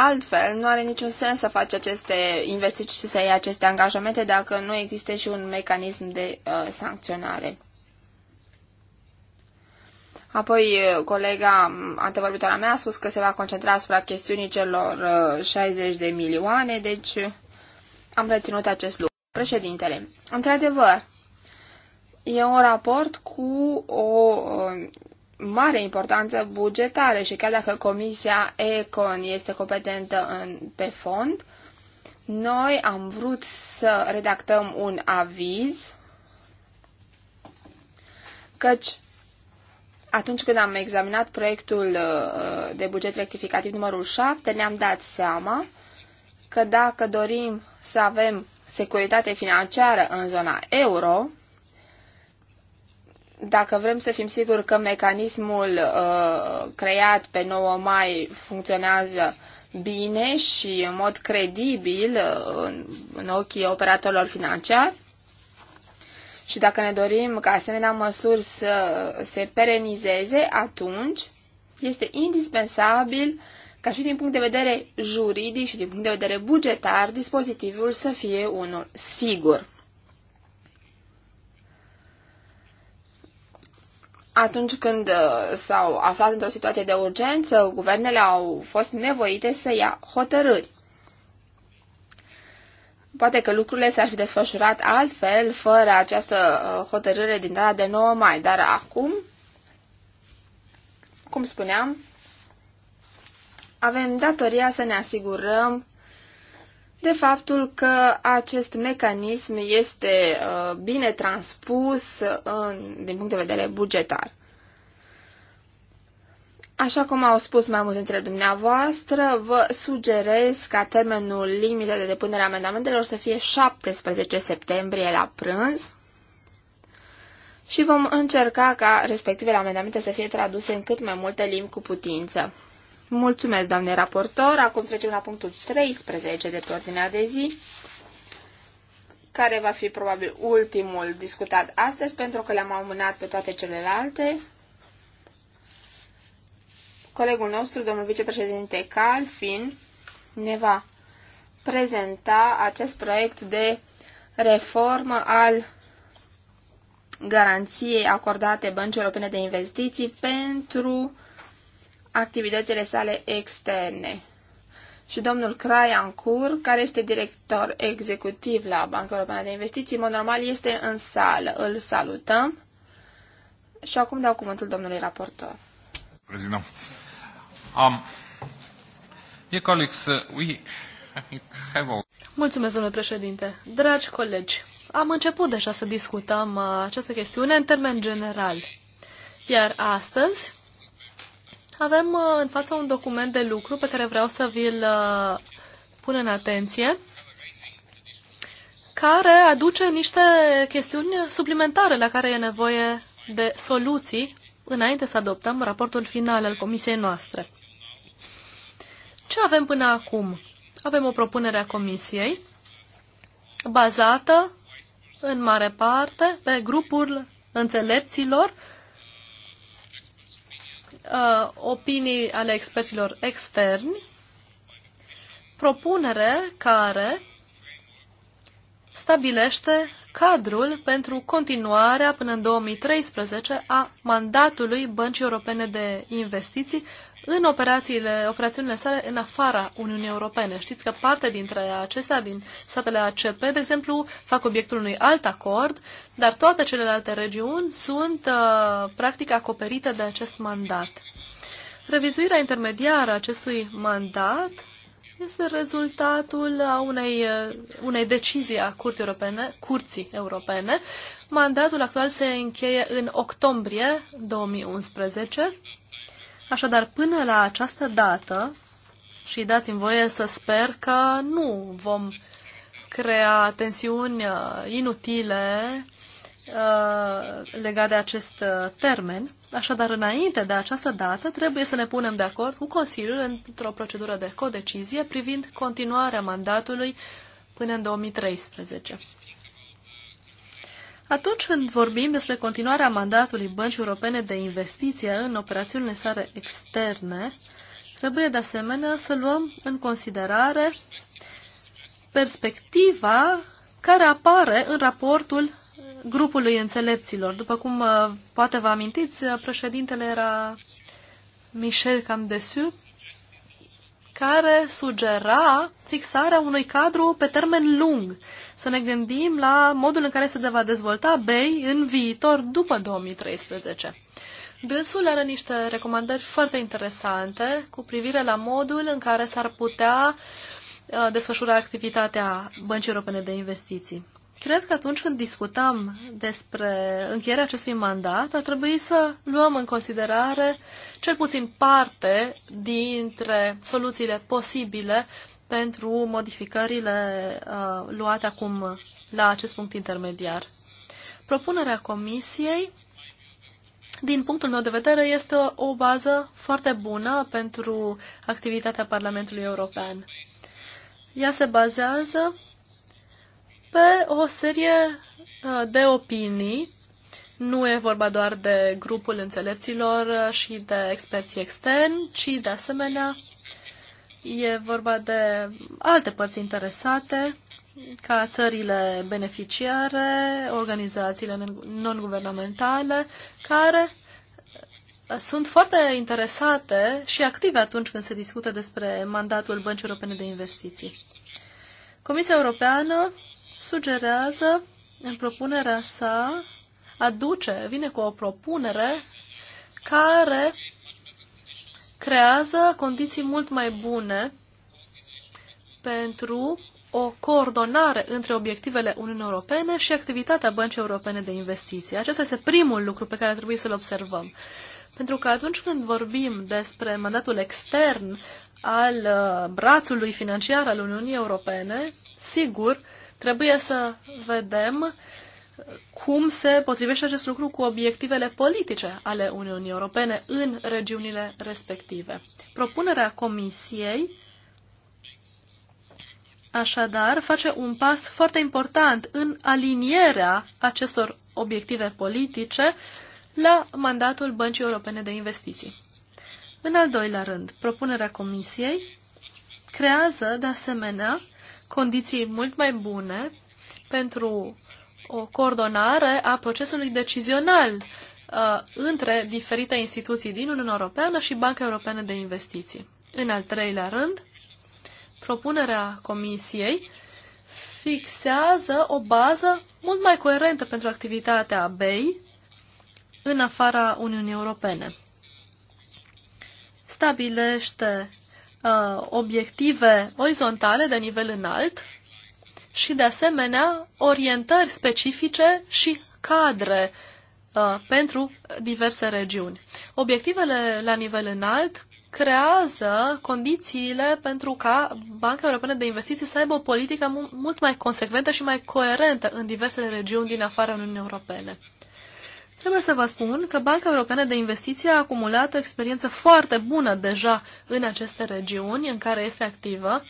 Altfel, nu are niciun sens să faci aceste investiții și să iei aceste angajamente dacă nu există și un mecanism de uh, sancționare. Apoi, uh, colega antevorbitoarea mea a spus că se va concentra asupra chestiunii celor uh, 60 de milioane, deci uh, am reținut acest lucru. Președintele, într-adevăr, e un raport cu o uh, mare importanță bugetară și chiar dacă Comisia ECON este competentă în, pe fond, noi am vrut să redactăm un aviz căci atunci când am examinat proiectul uh, de buget rectificativ numărul 7, ne-am dat seama că dacă dorim să avem securitate financiară în zona euro, dacă vrem să fim siguri că mecanismul uh, creat pe 9 mai funcționează bine și în mod credibil uh, în, în ochii operatorilor financiari, și dacă ne dorim ca asemenea măsuri să se perenizeze, atunci este indispensabil ca și din punct de vedere juridic și din punct de vedere bugetar, dispozitivul să fie unul sigur. atunci când uh, s-au aflat într-o situație de urgență, guvernele au fost nevoite să ia hotărâri. Poate că lucrurile s-ar fi desfășurat altfel, fără această uh, hotărâre din data de 9 mai, dar acum, cum spuneam, avem datoria să ne asigurăm de faptul că acest mecanism este uh, bine transpus în, din punct de vedere bugetar. Așa cum au spus mai mulți dintre dumneavoastră, vă sugerez ca termenul limită de depunere a amendamentelor să fie 17 septembrie la prânz și vom încerca ca respectivele amendamente să fie traduse în cât mai multe limbi cu putință. Mulțumesc, doamne raportor. Acum trecem la punctul 13 de pe ordinea de zi, care va fi probabil ultimul discutat astăzi, pentru că le-am amânat pe toate celelalte. Colegul nostru, domnul vicepreședinte Calfin, ne va prezenta acest proiect de reformă al garanției acordate Băncii Europene de Investiții pentru activitățile sale externe. Și domnul Cur, care este director executiv la Banca Europeană de Investiții, în mod normal este în sală. Îl salutăm. Și acum dau cuvântul domnului raportor. President. Um, dear colleagues, uh, we, have all... Mulțumesc, domnule președinte. Dragi colegi, am început deja să discutăm uh, această chestiune în termen general. Iar astăzi avem uh, în față un document de lucru pe care vreau să vi-l uh, pun în atenție, care aduce niște chestiuni suplimentare la care e nevoie de soluții înainte să adoptăm raportul final al comisiei noastre. Ce avem până acum? Avem o propunere a comisiei bazată în mare parte pe grupul înțelepților uh, opinii ale experților externi, propunere care stabilește cadrul pentru continuarea până în 2013 a mandatului Băncii Europene de Investiții în operațiile, operațiunile sale în afara Uniunii Europene. Știți că parte dintre acestea, din statele ACP, de exemplu, fac obiectul unui alt acord, dar toate celelalte regiuni sunt uh, practic acoperite de acest mandat. Revizuirea intermediară a acestui mandat este rezultatul a unei, uh, unei decizii a Curții Europene, Curții Europene. Mandatul actual se încheie în octombrie 2011 Așadar, până la această dată, și dați-mi voie să sper că nu vom crea tensiuni uh, inutile uh, legate de acest uh, termen. Așadar, înainte de această dată, trebuie să ne punem de acord cu Consiliul într-o procedură de codecizie privind continuarea mandatului până în 2013. Atunci când vorbim despre continuarea mandatului Băncii Europene de Investiție în operațiunile sale externe, trebuie de asemenea să luăm în considerare perspectiva care apare în raportul grupului înțelepților. După cum uh, poate vă amintiți, uh, președintele era Michel Camdesu care sugera fixarea unui cadru pe termen lung. Să ne gândim la modul în care se va dezvolta BEI în viitor după 2013. Dânsul are niște recomandări foarte interesante cu privire la modul în care s-ar putea uh, desfășura activitatea Băncii Europene de Investiții. Cred că atunci când discutam despre încheierea acestui mandat, ar trebui să luăm în considerare cel puțin parte dintre soluțiile posibile pentru modificările uh, luate acum la acest punct intermediar. Propunerea Comisiei, din punctul meu de vedere, este o bază foarte bună pentru activitatea Parlamentului European. Ea se bazează pe o serie uh, de opinii. Nu e vorba doar de grupul înțelepților uh, și de experții externi, ci de asemenea e vorba de alte părți interesate, ca țările beneficiare, organizațiile non-guvernamentale, care uh, sunt foarte interesate și active atunci când se discută despre mandatul Băncii Europene de Investiții. Comisia Europeană sugerează în propunerea sa, aduce, vine cu o propunere care creează condiții mult mai bune pentru o coordonare între obiectivele Uniunii Europene și activitatea Băncii Europene de Investiții. Acesta este primul lucru pe care trebuie să-l observăm. Pentru că atunci când vorbim despre mandatul extern al uh, brațului financiar al Uniunii Europene, sigur, uh, Trebuie să vedem cum se potrivește acest lucru cu obiectivele politice ale Uniunii Europene în regiunile respective. Propunerea Comisiei Așadar, face un pas foarte important în alinierea acestor obiective politice la mandatul Băncii Europene de Investiții. În al doilea rând, propunerea Comisiei creează, de asemenea, condiții mult mai bune pentru o coordonare a procesului decizional uh, între diferite instituții din Uniunea Europeană și Banca Europeană de Investiții. În al treilea rând, propunerea Comisiei fixează o bază mult mai coerentă pentru activitatea BEI în afara Uniunii Europene. Stabilește uh, obiective orizontale de nivel înalt și, de asemenea, orientări specifice și cadre uh, pentru diverse regiuni. Obiectivele la nivel înalt creează condițiile pentru ca Banca Europeană de Investiții să aibă o politică mult mai consecventă și mai coerentă în diversele regiuni din afara Uniunii Europene. Trebuie să vă spun că Banca Europeană de Investiții a acumulat o experiență foarte bună deja în aceste regiuni în care este activă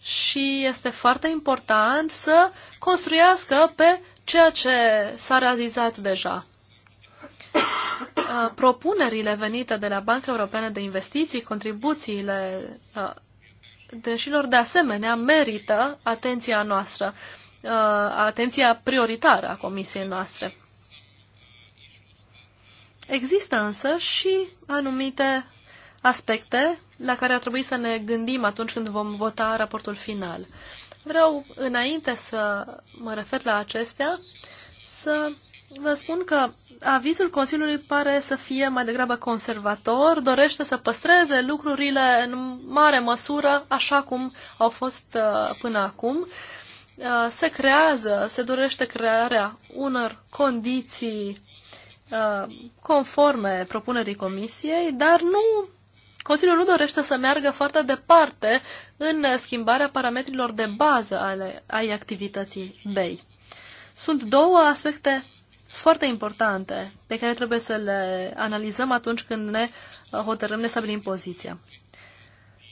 și este foarte important să construiască pe ceea ce s-a realizat deja. Uh, propunerile venite de la Banca Europeană de Investiții, contribuțiile uh, deșilor de asemenea merită atenția noastră, uh, atenția prioritară a comisiei noastre. Există însă și anumite aspecte la care ar trebui să ne gândim atunci când vom vota raportul final. Vreau, înainte să mă refer la acestea, să vă spun că avizul Consiliului pare să fie mai degrabă conservator, dorește să păstreze lucrurile în mare măsură așa cum au fost uh, până acum. Uh, se creează, se dorește crearea unor condiții Uh, conforme propunerii comisiei, dar nu Consiliul nu dorește să meargă foarte departe în schimbarea parametrilor de bază ale, ai activității BEI. Sunt două aspecte foarte importante pe care trebuie să le analizăm atunci când ne hotărâm, ne stabilim poziția.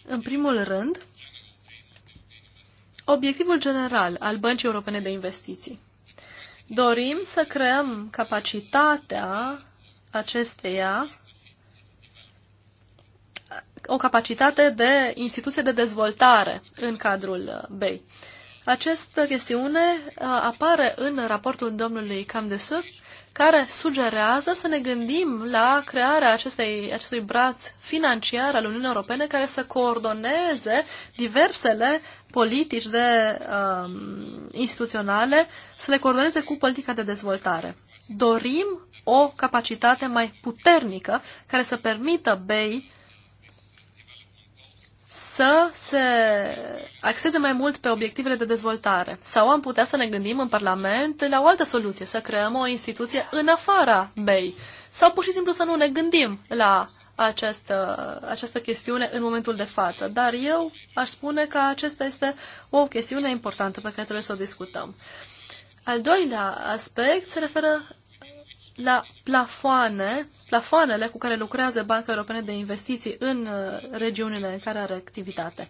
În primul rând, obiectivul general al Băncii Europene de Investiții. Dorim să creăm capacitatea acesteia, o capacitate de instituție de dezvoltare în cadrul BEI. Această chestiune uh, apare în raportul domnului Cam care sugerează să ne gândim la crearea acestei, acestui braț financiar al Uniunii Europene care să coordoneze diversele politici de, um, instituționale, să le coordoneze cu politica de dezvoltare. Dorim o capacitate mai puternică care să permită BEI să se axeze mai mult pe obiectivele de dezvoltare. Sau am putea să ne gândim în Parlament la o altă soluție, să creăm o instituție în afara BEI. Sau pur și simplu să nu ne gândim la această, această chestiune în momentul de față. Dar eu aș spune că acesta este o chestiune importantă pe care trebuie să o discutăm. Al doilea aspect se referă la plafoane, plafoanele cu care lucrează Banca Europeană de Investiții în uh, regiunile în care are activitate.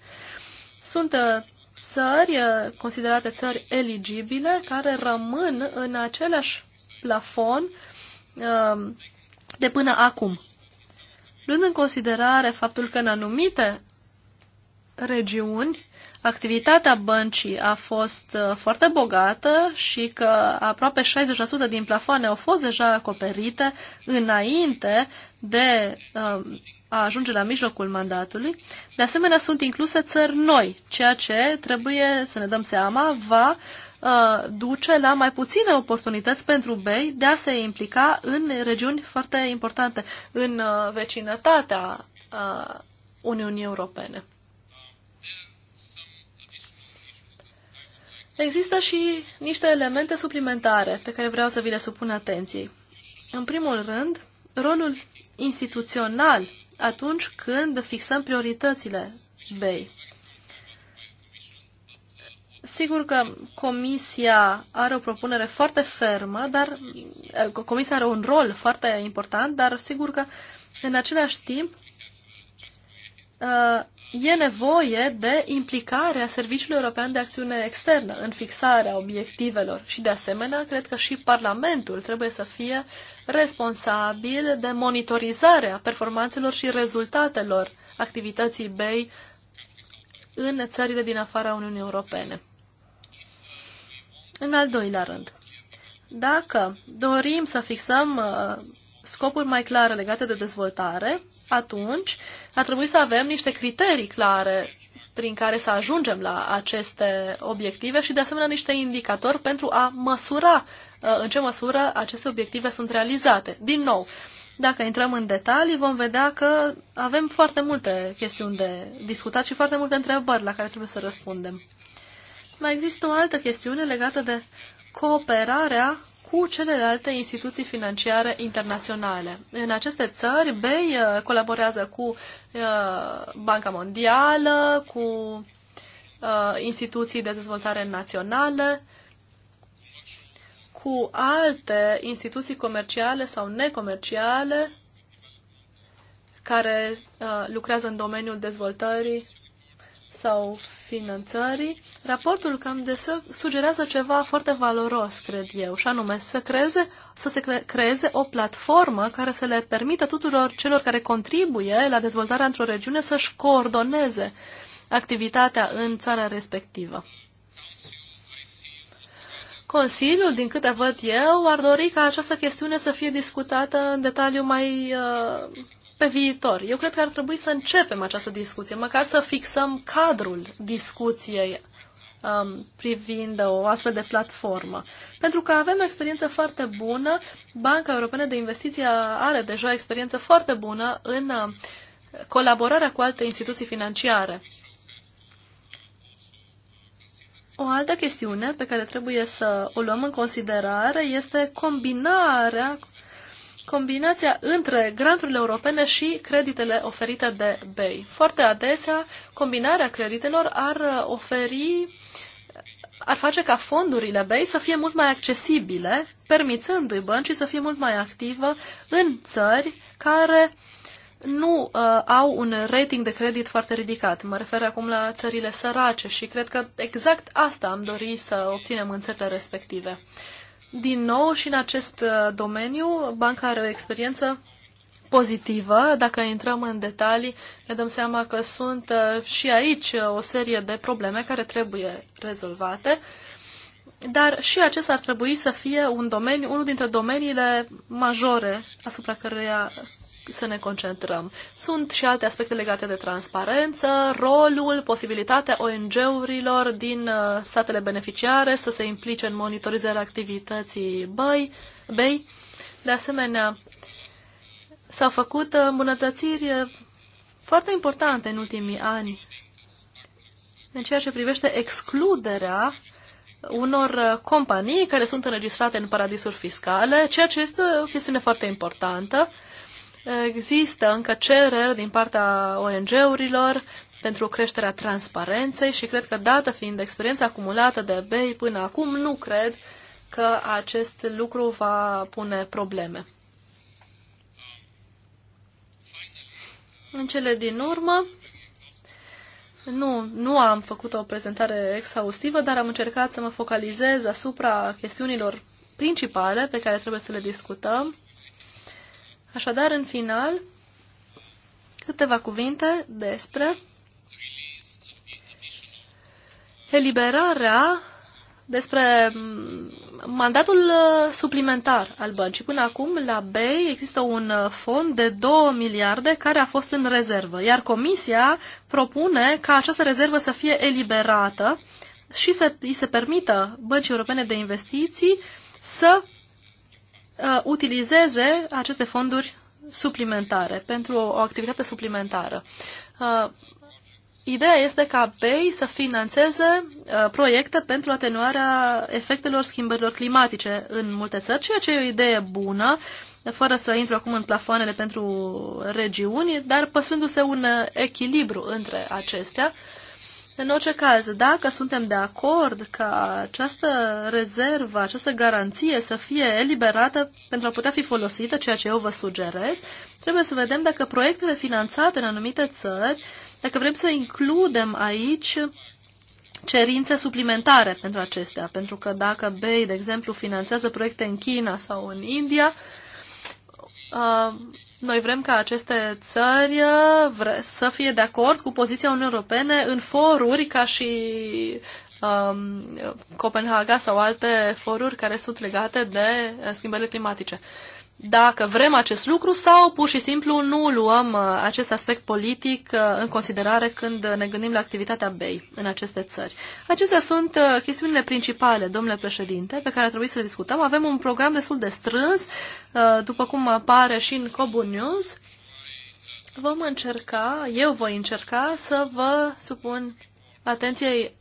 Sunt uh, țări uh, considerate țări eligibile care rămân în același plafon de până acum. Luând în considerare faptul că în anumite regiuni activitatea băncii a fost uh, foarte bogată și că aproape 60% din plafoane au fost deja acoperite înainte de um, a ajunge la mijlocul mandatului. De asemenea, sunt incluse țări noi, ceea ce trebuie să ne dăm seama va uh, duce la mai puține oportunități pentru BEI de a se implica în regiuni foarte importante, în uh, vecinătatea Uniunii Europene. Există și niște elemente suplimentare pe care vreau să vi le supun atenției. În primul rând, rolul instituțional atunci când fixăm prioritățile BEI. Sigur că Comisia are o propunere foarte fermă, dar eh, Comisia are un rol foarte important, dar sigur că în același timp eh, e nevoie de implicarea Serviciului European de Acțiune Externă în fixarea obiectivelor și, de asemenea, cred că și Parlamentul trebuie să fie responsabil de monitorizarea performanțelor și rezultatelor activității BEI în țările din afara Uniunii Europene. În al doilea rând, dacă dorim să fixăm uh, scopuri mai clare legate de dezvoltare, atunci ar trebui să avem niște criterii clare prin care să ajungem la aceste obiective și, de asemenea, niște indicatori pentru a măsura uh, în ce măsură aceste obiective sunt realizate. Din nou, dacă intrăm în detalii, vom vedea că avem foarte multe chestiuni de discutat și foarte multe întrebări la care trebuie să răspundem. Mai există o altă chestiune legată de cooperarea cu celelalte instituții financiare internaționale. În aceste țări, BEI colaborează cu uh, Banca Mondială, cu uh, instituții de dezvoltare națională, cu alte instituții comerciale sau necomerciale care uh, lucrează în domeniul dezvoltării sau finanțării, raportul cam de sugerează ceva foarte valoros, cred eu, și anume să, creeze, să se creeze o platformă care să le permită tuturor celor care contribuie la dezvoltarea într-o regiune să-și coordoneze activitatea în țara respectivă. Consiliul, din câte văd eu, ar dori ca această chestiune să fie discutată în detaliu mai uh, pe viitor. Eu cred că ar trebui să începem această discuție, măcar să fixăm cadrul discuției um, privind o astfel de platformă. Pentru că avem o experiență foarte bună, Banca Europeană de Investiții are deja o experiență foarte bună în uh, colaborarea cu alte instituții financiare. O altă chestiune pe care trebuie să o luăm în considerare este combinarea combinația între granturile europene și creditele oferite de BEI. Foarte adesea, combinarea creditelor ar uh, oferi ar face ca fondurile BEI să fie mult mai accesibile, permițându-i băncii să fie mult mai activă în țări care nu uh, au un rating de credit foarte ridicat. Mă refer acum la țările sărace și cred că exact asta am dorit să obținem în țările respective. Uh, din nou și în acest uh, domeniu, banca are o experiență pozitivă. Dacă intrăm în detalii, ne dăm seama că sunt uh, și aici uh, o serie de probleme care trebuie rezolvate, dar și acesta ar trebui să fie un domeniu, unul dintre domeniile majore asupra căruia să ne concentrăm. Sunt și alte aspecte legate de transparență, rolul, posibilitatea ONG-urilor din uh, statele beneficiare să se implice în monitorizarea activității BEI. BEI. De asemenea, s-au făcut îmbunătățiri foarte importante în ultimii ani în ceea ce privește excluderea unor uh, companii care sunt înregistrate în paradisuri fiscale, ceea ce este o chestiune foarte importantă. Există încă cereri din partea ONG-urilor pentru creșterea transparenței și cred că, dată fiind experiența acumulată de BEI până acum, nu cred că acest lucru va pune probleme. În cele din urmă, nu, nu am făcut o prezentare exhaustivă, dar am încercat să mă focalizez asupra chestiunilor principale pe care trebuie să le discutăm Așadar, în final, câteva cuvinte despre eliberarea despre mm, mandatul uh, suplimentar al băncii. Până acum, la BEI există un uh, fond de 2 miliarde care a fost în rezervă, iar Comisia propune ca această rezervă să fie eliberată și să îi se permită băncii europene de investiții să uh, utilizeze aceste fonduri suplimentare, pentru o, o activitate suplimentară. Uh, ideea este ca BEI să financeze uh, proiecte pentru atenuarea efectelor schimbărilor climatice în multe țări, ceea ce e o idee bună, fără să intru acum în plafoanele pentru regiuni, dar păstrându-se un echilibru între acestea. Uh, în orice caz, dacă suntem de acord ca această rezervă, această garanție să fie eliberată pentru a putea fi folosită, ceea ce eu vă sugerez, trebuie să vedem dacă proiectele finanțate în anumite țări, dacă vrem să includem aici cerințe suplimentare pentru acestea, pentru că dacă BEI, de exemplu, finanțează proiecte în China sau în India, uh, noi vrem ca aceste țări uh, să fie de acord cu poziția Uniunii Europene în foruri ca și um, Copenhaga sau alte foruri care sunt legate de uh, schimbările climatice dacă vrem acest lucru sau pur și simplu nu luăm uh, acest aspect politic uh, în considerare când ne gândim la activitatea BEI în aceste țări. Acestea sunt uh, chestiunile principale, domnule președinte, pe care ar trebui să le discutăm. Avem un program destul de strâns, după cum apare și în Cobu News. Vom încerca, eu voi încerca să vă supun atenției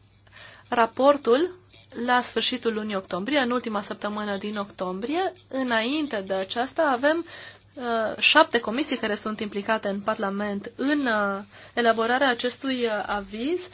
raportul la sfârșitul lunii octombrie, în ultima săptămână din octombrie. Înainte de aceasta avem uh, șapte comisii care sunt implicate în Parlament în uh, elaborarea acestui uh, aviz.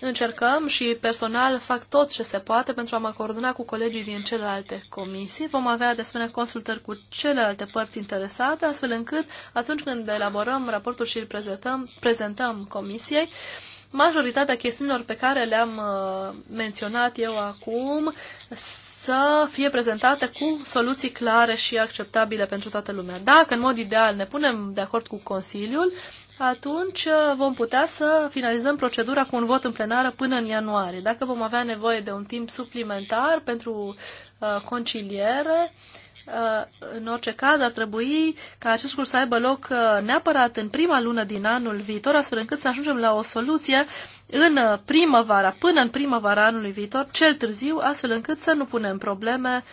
Încercăm și personal fac tot ce se poate pentru a mă coordona cu colegii din celelalte comisii. Vom avea de asemenea consultări cu celelalte părți interesate, astfel încât atunci când elaborăm raportul și îl prezentăm, prezentăm comisiei, uh, majoritatea chestiunilor pe care le-am uh, menționat eu acum să fie prezentate cu soluții clare și acceptabile pentru toată lumea. Dacă, în mod ideal, ne punem de acord cu Consiliul, atunci uh, vom putea să finalizăm procedura cu un vot în plenară până în ianuarie. Dacă vom avea nevoie de un timp suplimentar pentru uh, conciliere, Uh, în orice caz, ar trebui ca acest lucru să aibă loc uh, neapărat în prima lună din anul viitor, astfel încât să ajungem la o soluție în uh, primăvara, până în primăvara anului viitor, cel târziu, astfel încât să nu punem probleme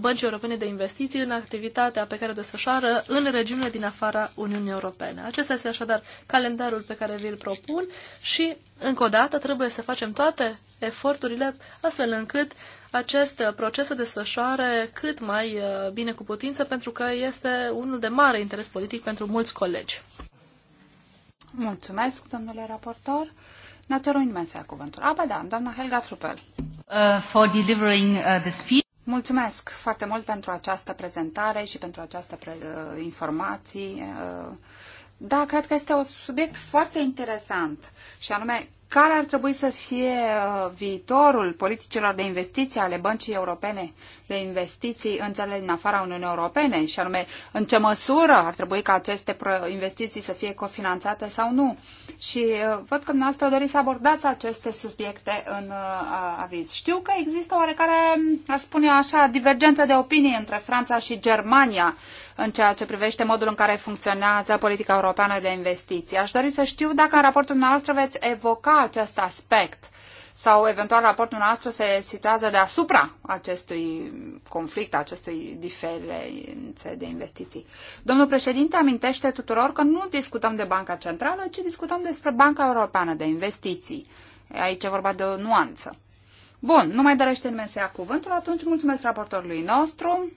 băncii europene de investiții în activitatea pe care o desfășoară în regiunile din afara Uniunii Europene. Acesta este așadar calendarul pe care vi-l propun și, încă o dată, trebuie să facem toate eforturile astfel încât uh, acest uh, proces se desfășoare cât mai uh, bine cu putință, pentru că este unul de mare interes politic pentru mulți colegi. Mulțumesc, domnule raportor. Natorul a cuvântul. Aba da, doamna Helga Trupel. Uh, for delivering uh, the speech. Mulțumesc foarte mult pentru această prezentare și pentru această pre- uh, informații. Da, cred că este un subiect foarte interesant și anume care ar trebui să fie uh, viitorul politicilor de investiții ale Băncii Europene de Investiții în țările din afara Uniunii Europene și anume în ce măsură ar trebui ca aceste investiții să fie cofinanțate sau nu. Și uh, văd că dumneavoastră doriți să abordați aceste subiecte în uh, aviz. Știu că există oarecare, aș spune așa, divergență de opinii între Franța și Germania în ceea ce privește modul în care funcționează politica europeană de investiții. Aș dori să știu dacă în raportul noastră veți evoca acest aspect sau eventual raportul noastră se situează deasupra acestui conflict, acestui diferențe de investiții. Domnul președinte amintește tuturor că nu discutăm de Banca Centrală, ci discutăm despre Banca Europeană de Investiții. Aici e vorba de o nuanță. Bun, nu mai dorește nimeni să ia cuvântul, atunci mulțumesc raportorului nostru.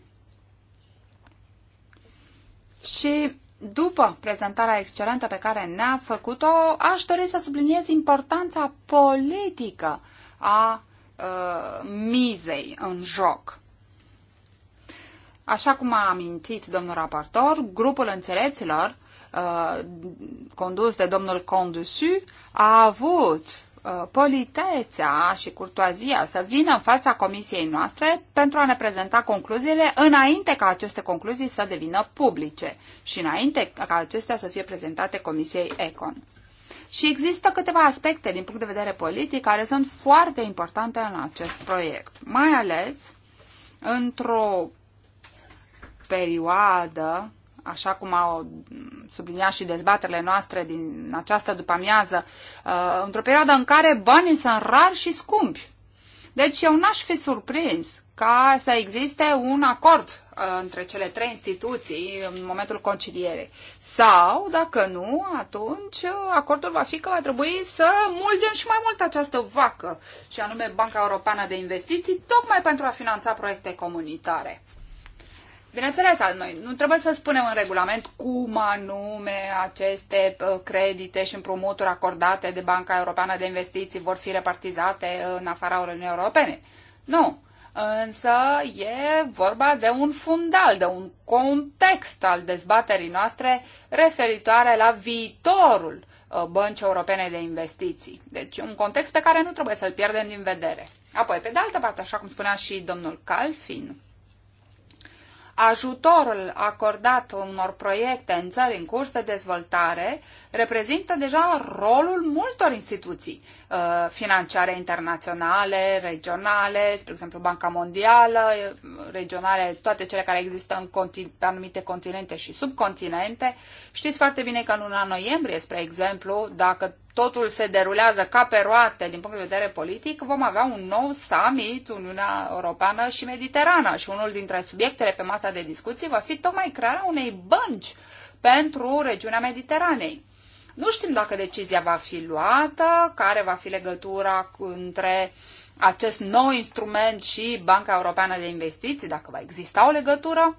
Și după prezentarea excelentă pe care ne-a făcut-o, aș dori să subliniez importanța politică a uh, mizei în joc. Așa cum a amintit domnul raportor, grupul înțeleților uh, ă, condus de domnul Condusu a avut uh, politețea și curtoazia să vină în fața comisiei noastre pentru a ne prezenta concluziile înainte ca aceste concluzii să devină publice și înainte ca acestea să fie prezentate comisiei ECON. Și există câteva aspecte din punct de vedere politic care sunt foarte importante în acest proiect, mai ales într-o perioadă așa cum au subliniat și dezbaterile noastre din această după-amiază, uh, într-o perioadă în care banii sunt rari și scumpi. Deci eu n-aș fi surprins ca să existe un acord uh, între cele trei instituții în momentul concilierei. Sau, dacă nu, atunci uh, acordul va fi că va trebui să mulgem și mai mult această vacă, și anume Banca Europeană de Investiții, tocmai pentru a finanța proiecte comunitare. Bineînțeles, noi nu trebuie să spunem în regulament cum anume aceste uh, credite și împrumuturi acordate de Banca Europeană de Investiții vor fi repartizate în afara Uniunii Europene. Nu. Însă e vorba de un fundal, de un context al dezbaterii noastre referitoare la viitorul uh, băncii europene de investiții. Deci un context pe care nu trebuie să-l pierdem din vedere. Apoi, pe de altă parte, așa cum spunea și domnul Calfin, ajutorul acordat unor proiecte în țări în curs de dezvoltare reprezintă deja rolul multor instituții uh, financiare internaționale, regionale, spre exemplu Banca Mondială, uh, regionale, toate cele care există în contin- pe anumite continente și subcontinente. Știți foarte bine că în luna noiembrie, spre exemplu, dacă totul se derulează ca pe roate din punct de vedere politic, vom avea un nou summit, Uniunea Europeană și Mediterana. Și unul dintre subiectele pe masa de discuții va fi tocmai crearea unei bănci pentru regiunea Mediteranei. Nu știm dacă decizia va fi luată, care va fi legătura între acest nou instrument și Banca Europeană de Investiții, dacă va exista o legătură.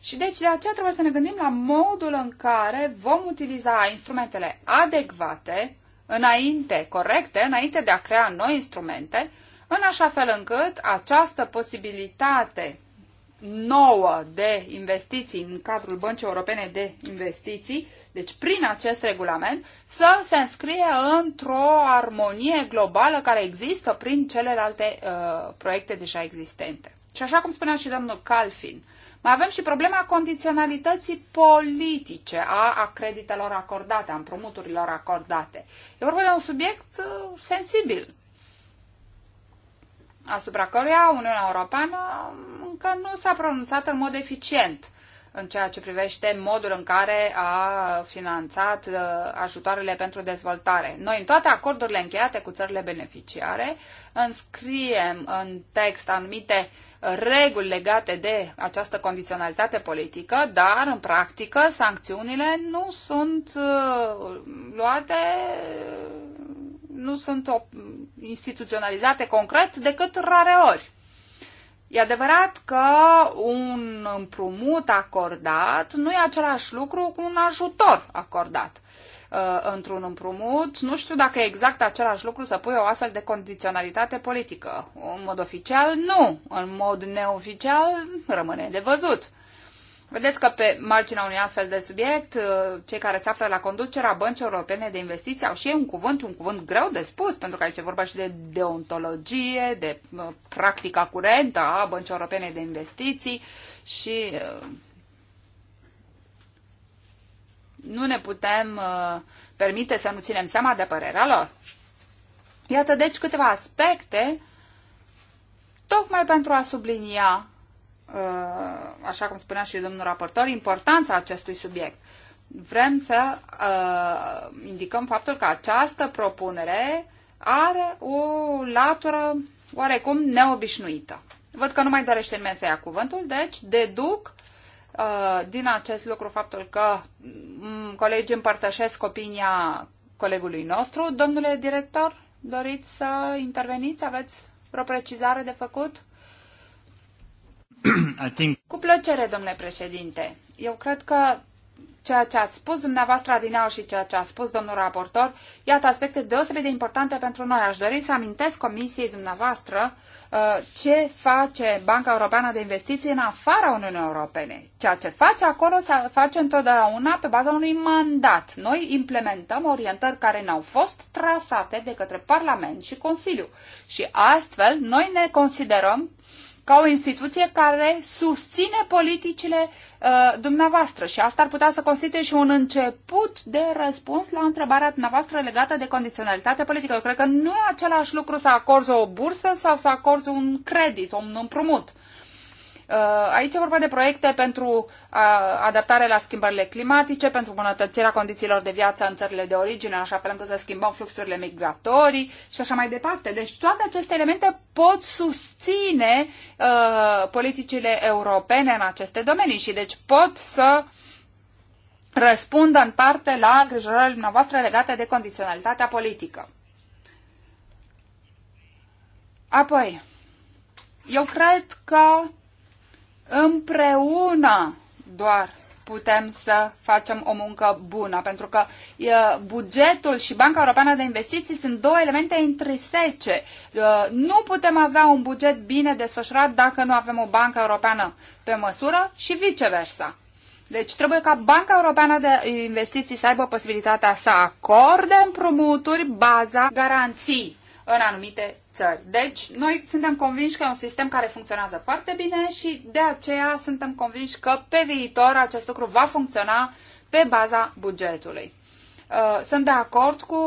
Și deci de aceea trebuie să ne gândim la modul în care vom utiliza instrumentele adecvate înainte, corecte, înainte de a crea noi instrumente, în așa fel încât această posibilitate nouă de investiții în cadrul Băncii Europene de Investiții, deci prin acest regulament, să se înscrie într-o armonie globală care există prin celelalte uh, proiecte deja existente. Și așa cum spunea și domnul Calfin, mai avem și problema condiționalității politice a acreditelor acordate, a împrumuturilor acordate. E vorba de un subiect uh, sensibil, asupra căruia Uniunea Europeană um, încă nu s-a pronunțat în mod eficient în ceea ce privește modul în care a finanțat uh, ajutoarele pentru dezvoltare. Noi, în toate acordurile încheiate cu țările beneficiare, înscriem în text anumite uh, reguli legate de această condiționalitate politică, dar în practică sancțiunile nu sunt uh, luate, nu sunt instituționalizate concret decât rare ori. E adevărat că un împrumut acordat nu e același lucru cu un ajutor acordat uh, într-un împrumut. Nu știu dacă e exact același lucru să pui o astfel de condiționalitate politică. În mod oficial, nu. În mod neoficial, rămâne de văzut. Vedeți că pe marginea unui astfel de subiect, uh, cei care se află la conducerea Băncii Europene de Investiții au și ei un cuvânt, un cuvânt greu de spus, pentru că aici e vorba și de deontologie, de uh, practica curentă a Băncii Europene de Investiții și uh, nu ne putem uh, permite să nu ținem seama de părerea lor. Iată deci câteva aspecte tocmai pentru a sublinia, uh, așa cum spunea și domnul raportor, importanța acestui subiect. Vrem să uh, indicăm faptul că această propunere are o latură oarecum neobișnuită. Văd că nu mai dorește nimeni să ia cuvântul, deci deduc Uh, din acest lucru faptul că mm, colegii împărtășesc opinia colegului nostru. Domnule director, doriți să interveniți? Aveți vreo precizare de făcut? Think... Cu plăcere, domnule președinte. Eu cred că ceea ce ați spus dumneavoastră adineau și ceea ce a spus domnul raportor, iată aspecte deosebit de importante pentru noi. Aș dori să amintesc comisiei dumneavoastră Uh, ce face Banca Europeană de Investiții în afara Uniunii Europene. Ceea ce face acolo se face întotdeauna pe baza unui mandat. Noi implementăm orientări care ne-au fost trasate de către Parlament și Consiliu. Și astfel noi ne considerăm uh, ca o instituție care susține politicile uh, dumneavoastră și asta ar putea să constituie și un început de răspuns la întrebarea dumneavoastră legată de condiționalitate politică. Eu cred că nu e același lucru să acorzi o bursă sau să acorzi un credit, un împrumut. Uh, aici e vorba de proiecte pentru uh, adaptare la schimbările climatice, pentru îmbunătățirea condițiilor de viață în țările de origine, așa fel încât să schimbăm fluxurile migratorii și așa mai departe. Deci toate aceste elemente pot susține uh, politicile europene în aceste domenii și deci pot să răspundă în parte la grijorările noastre legate de condiționalitatea politică. Apoi, eu cred că Împreună doar putem să facem o muncă bună, pentru că bugetul și Banca Europeană de Investiții sunt două elemente intrisece. Nu putem avea un buget bine desfășurat dacă nu avem o Banca Europeană pe măsură și viceversa. Deci trebuie ca Banca Europeană de Investiții să aibă posibilitatea să acorde împrumuturi, baza, garanții în anumite țări. Deci, noi suntem convinși că e un sistem care funcționează foarte bine și de aceea suntem convinși că pe viitor acest lucru va funcționa pe baza bugetului. Uh, sunt de acord cu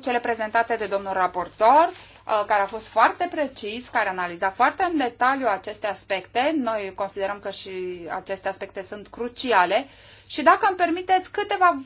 cele prezentate de domnul raportor, uh, care a fost foarte precis, care analiza foarte în detaliu aceste aspecte. Noi considerăm că și aceste aspecte sunt cruciale și dacă îmi permiteți câteva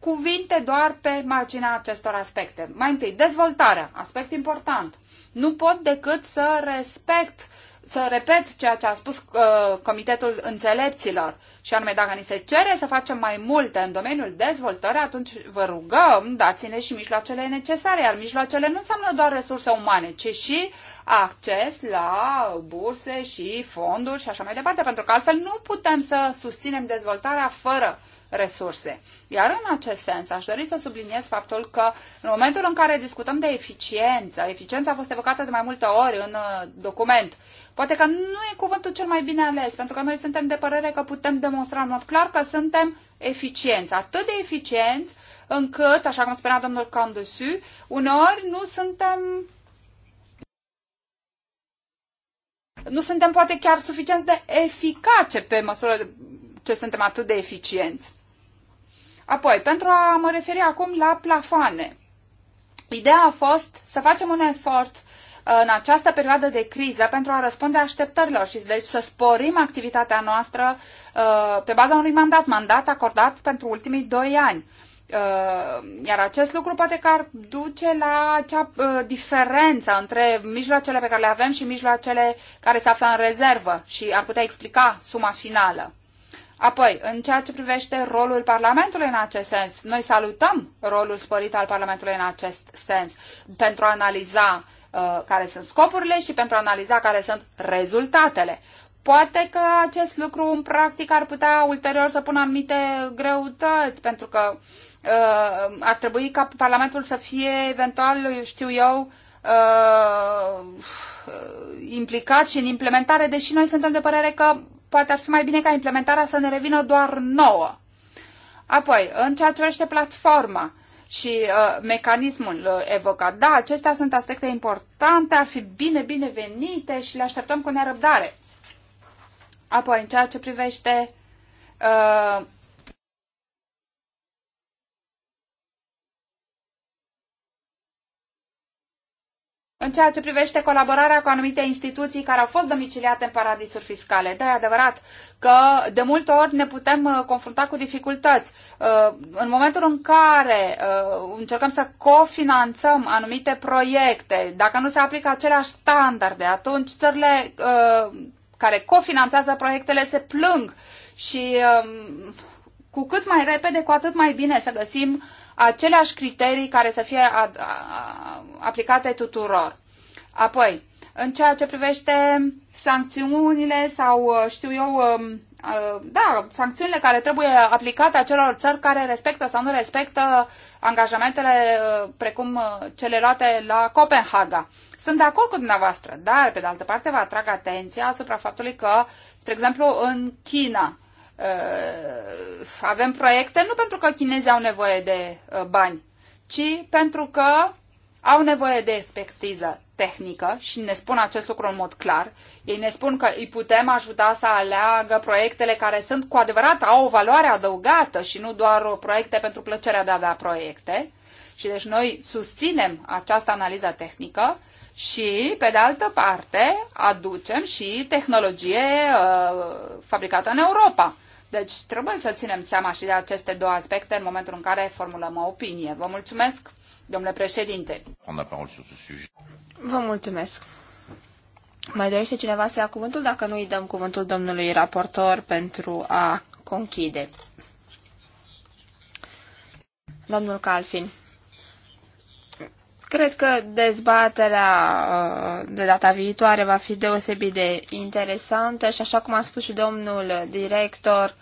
cuvinte doar pe marginea acestor aspecte. Mai întâi, dezvoltarea, aspect important. Nu pot decât să respect să repet ceea ce a spus uh, Comitetul Înțelepților, și anume dacă ni se cere să facem mai multe în domeniul dezvoltării, atunci vă rugăm, dați-ne și mijloacele necesare, iar mijloacele nu înseamnă doar resurse umane, ci și acces la burse și fonduri și așa mai departe, pentru că altfel nu putem să susținem dezvoltarea fără resurse. Iar în acest sens aș dori să subliniez faptul că în momentul în care discutăm de eficiență, eficiența a fost evocată de mai multe ori în uh, document, poate că nu e cuvântul cel mai bine ales, pentru că noi suntem de părere că putem demonstra în mod clar că suntem eficienți, atât de eficienți încât, așa cum spunea domnul Candusu, uneori nu suntem nu suntem poate chiar suficient de eficace pe măsură ce suntem atât de eficienți. Apoi, pentru a mă referi acum la plafoane. Ideea a fost să facem un efort uh, în această perioadă de criză pentru a răspunde așteptărilor și deci să sporim activitatea noastră uh, pe baza unui mandat, mandat acordat pentru ultimii doi ani. Uh, iar acest lucru poate că ar duce la acea diferență între mijloacele pe care le avem și mijloacele care se află în rezervă și ar putea explica suma finală. Apoi, în ceea ce privește rolul Parlamentului în acest sens, noi salutăm rolul sporit al Parlamentului în acest sens pentru a analiza uh, care sunt scopurile și pentru a analiza care sunt rezultatele. Poate că acest lucru în practic ar putea ulterior să pună anumite greutăți, pentru că uh, ar trebui ca Parlamentul să fie eventual, eu știu eu, uh, implicat și în implementare, deși noi suntem de părere că poate ar fi mai bine ca implementarea să ne revină doar nouă. Apoi, în ceea ce privește platforma și uh, mecanismul uh, evocat, da, acestea sunt aspecte importante, ar fi bine binevenite și le așteptăm cu nerăbdare. Apoi, în ceea ce privește uh, în ceea ce privește colaborarea cu anumite instituții care au fost domiciliate în paradisuri fiscale. Da, e adevărat că de multe ori ne putem uh, confrunta cu dificultăți. Uh, în momentul în care uh, încercăm să cofinanțăm anumite proiecte, dacă nu se aplică aceleași standarde, atunci țările care cofinanțează proiectele se plâng și um, cu cât mai repede, cu atât mai bine să găsim aceleași criterii care să fie a, aplicate tuturor. Apoi, în ceea ce privește sancțiunile sau, uh, știu eu, um, uh, da, sancțiunile care trebuie aplicate acelor țări care respectă sau nu respectă angajamentele uh, precum cele luate la Copenhaga. Sunt de acord cu dumneavoastră, dar, pe de altă parte, vă atrag atenția asupra faptului că, spre exemplu, în China, Uh, avem proiecte nu pentru că chinezii au nevoie de uh, bani, ci pentru că au nevoie de expertiză tehnică și ne spun acest lucru în mod clar. Ei ne spun că îi putem ajuta să aleagă proiectele care sunt cu adevărat, au o valoare adăugată și nu doar proiecte pentru plăcerea de a avea proiecte. Și deci noi susținem această analiză tehnică și, pe de altă parte, aducem și tehnologie uh, fabricată în Europa. Deci trebuie să ținem seama și de aceste două aspecte în momentul în care formulăm o opinie. Vă mulțumesc, domnule președinte. Vă mulțumesc. Mai dorește cineva să ia cuvântul? Dacă nu, îi dăm cuvântul domnului raportor pentru a conchide. Domnul Calfin. Cred că dezbaterea uh, de data viitoare va fi deosebit de interesantă și așa cum a spus și domnul director,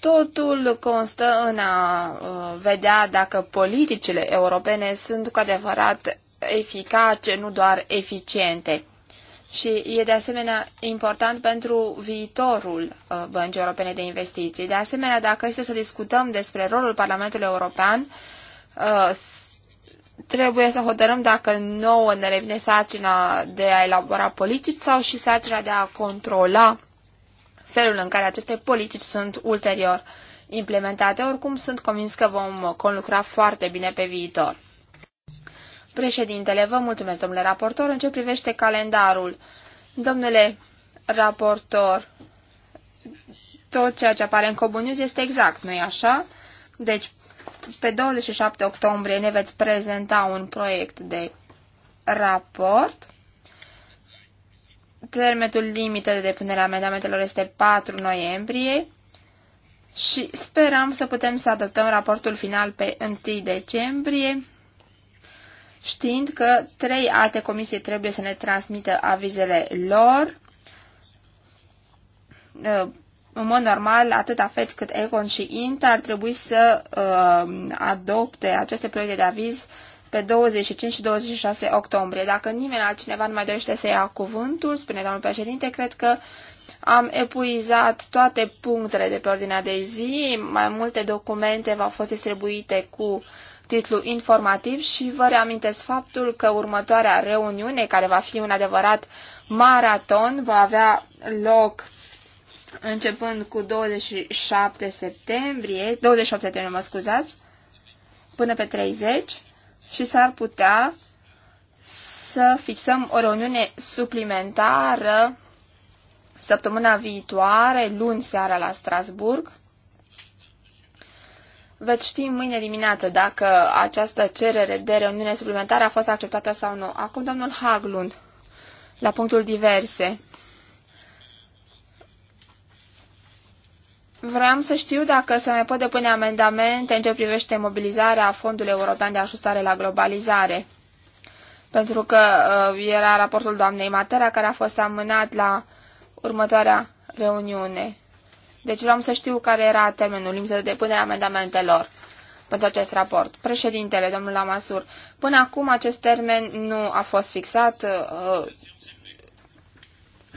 totul constă în a uh, vedea dacă politicile europene sunt cu adevărat eficace, nu doar eficiente. Și e de asemenea important pentru viitorul uh, Băncii Europene de Investiții. De asemenea, dacă este să discutăm despre rolul Parlamentului European, trebuie să hotărâm dacă nouă ne revine sarcina de a elabora politici sau și sarcina de a controla felul în care aceste politici sunt ulterior implementate. Oricum, sunt convins că vom conlucra foarte bine pe viitor. Președintele, vă mulțumesc, domnule raportor, în ce privește calendarul. Domnule raportor, tot ceea ce apare în Cobunius este exact, nu-i așa? Deci, pe 27 octombrie ne veți prezenta un proiect de raport. Termenul limită de depunere a amendamentelor este 4 noiembrie și sperăm să putem să adoptăm raportul final pe 1 decembrie, știind că trei alte comisii trebuie să ne transmită avizele lor în mod normal, atât AFET cât ECON și INT ar trebui să uh, adopte aceste proiecte de aviz pe 25 și 26 octombrie. Dacă nimeni altcineva nu mai dorește să ia cuvântul, spune domnul președinte, cred că am epuizat toate punctele de pe ordinea de zi, mai multe documente v-au fost distribuite cu titlu informativ și vă reamintesc faptul că următoarea reuniune, care va fi un adevărat maraton, va avea loc începând cu 27 septembrie, 27 septembrie, mă scuzați, până pe 30 și s-ar putea să fixăm o reuniune suplimentară săptămâna viitoare, luni seara la Strasburg. Veți ști mâine dimineață dacă această cerere de reuniune suplimentară a fost acceptată sau nu. Acum, domnul Haglund, la punctul diverse. Vreau să știu dacă se mai pot depune amendamente în ce privește mobilizarea Fondului European de Ajustare la Globalizare. Pentru că uh, era raportul doamnei Matera care a fost amânat la următoarea reuniune. Deci vreau să știu care era termenul limită de depunere amendamentelor pentru acest raport. Președintele, domnul Lamasur, până acum acest termen nu a fost fixat. Uh,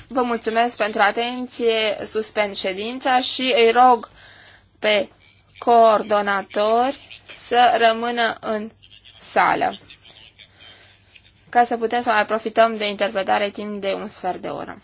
Vă mulțumesc pentru atenție, suspend ședința și îi rog pe coordonatori să rămână în sală ca să putem să mai profităm de interpretare timp de un sfert de oră.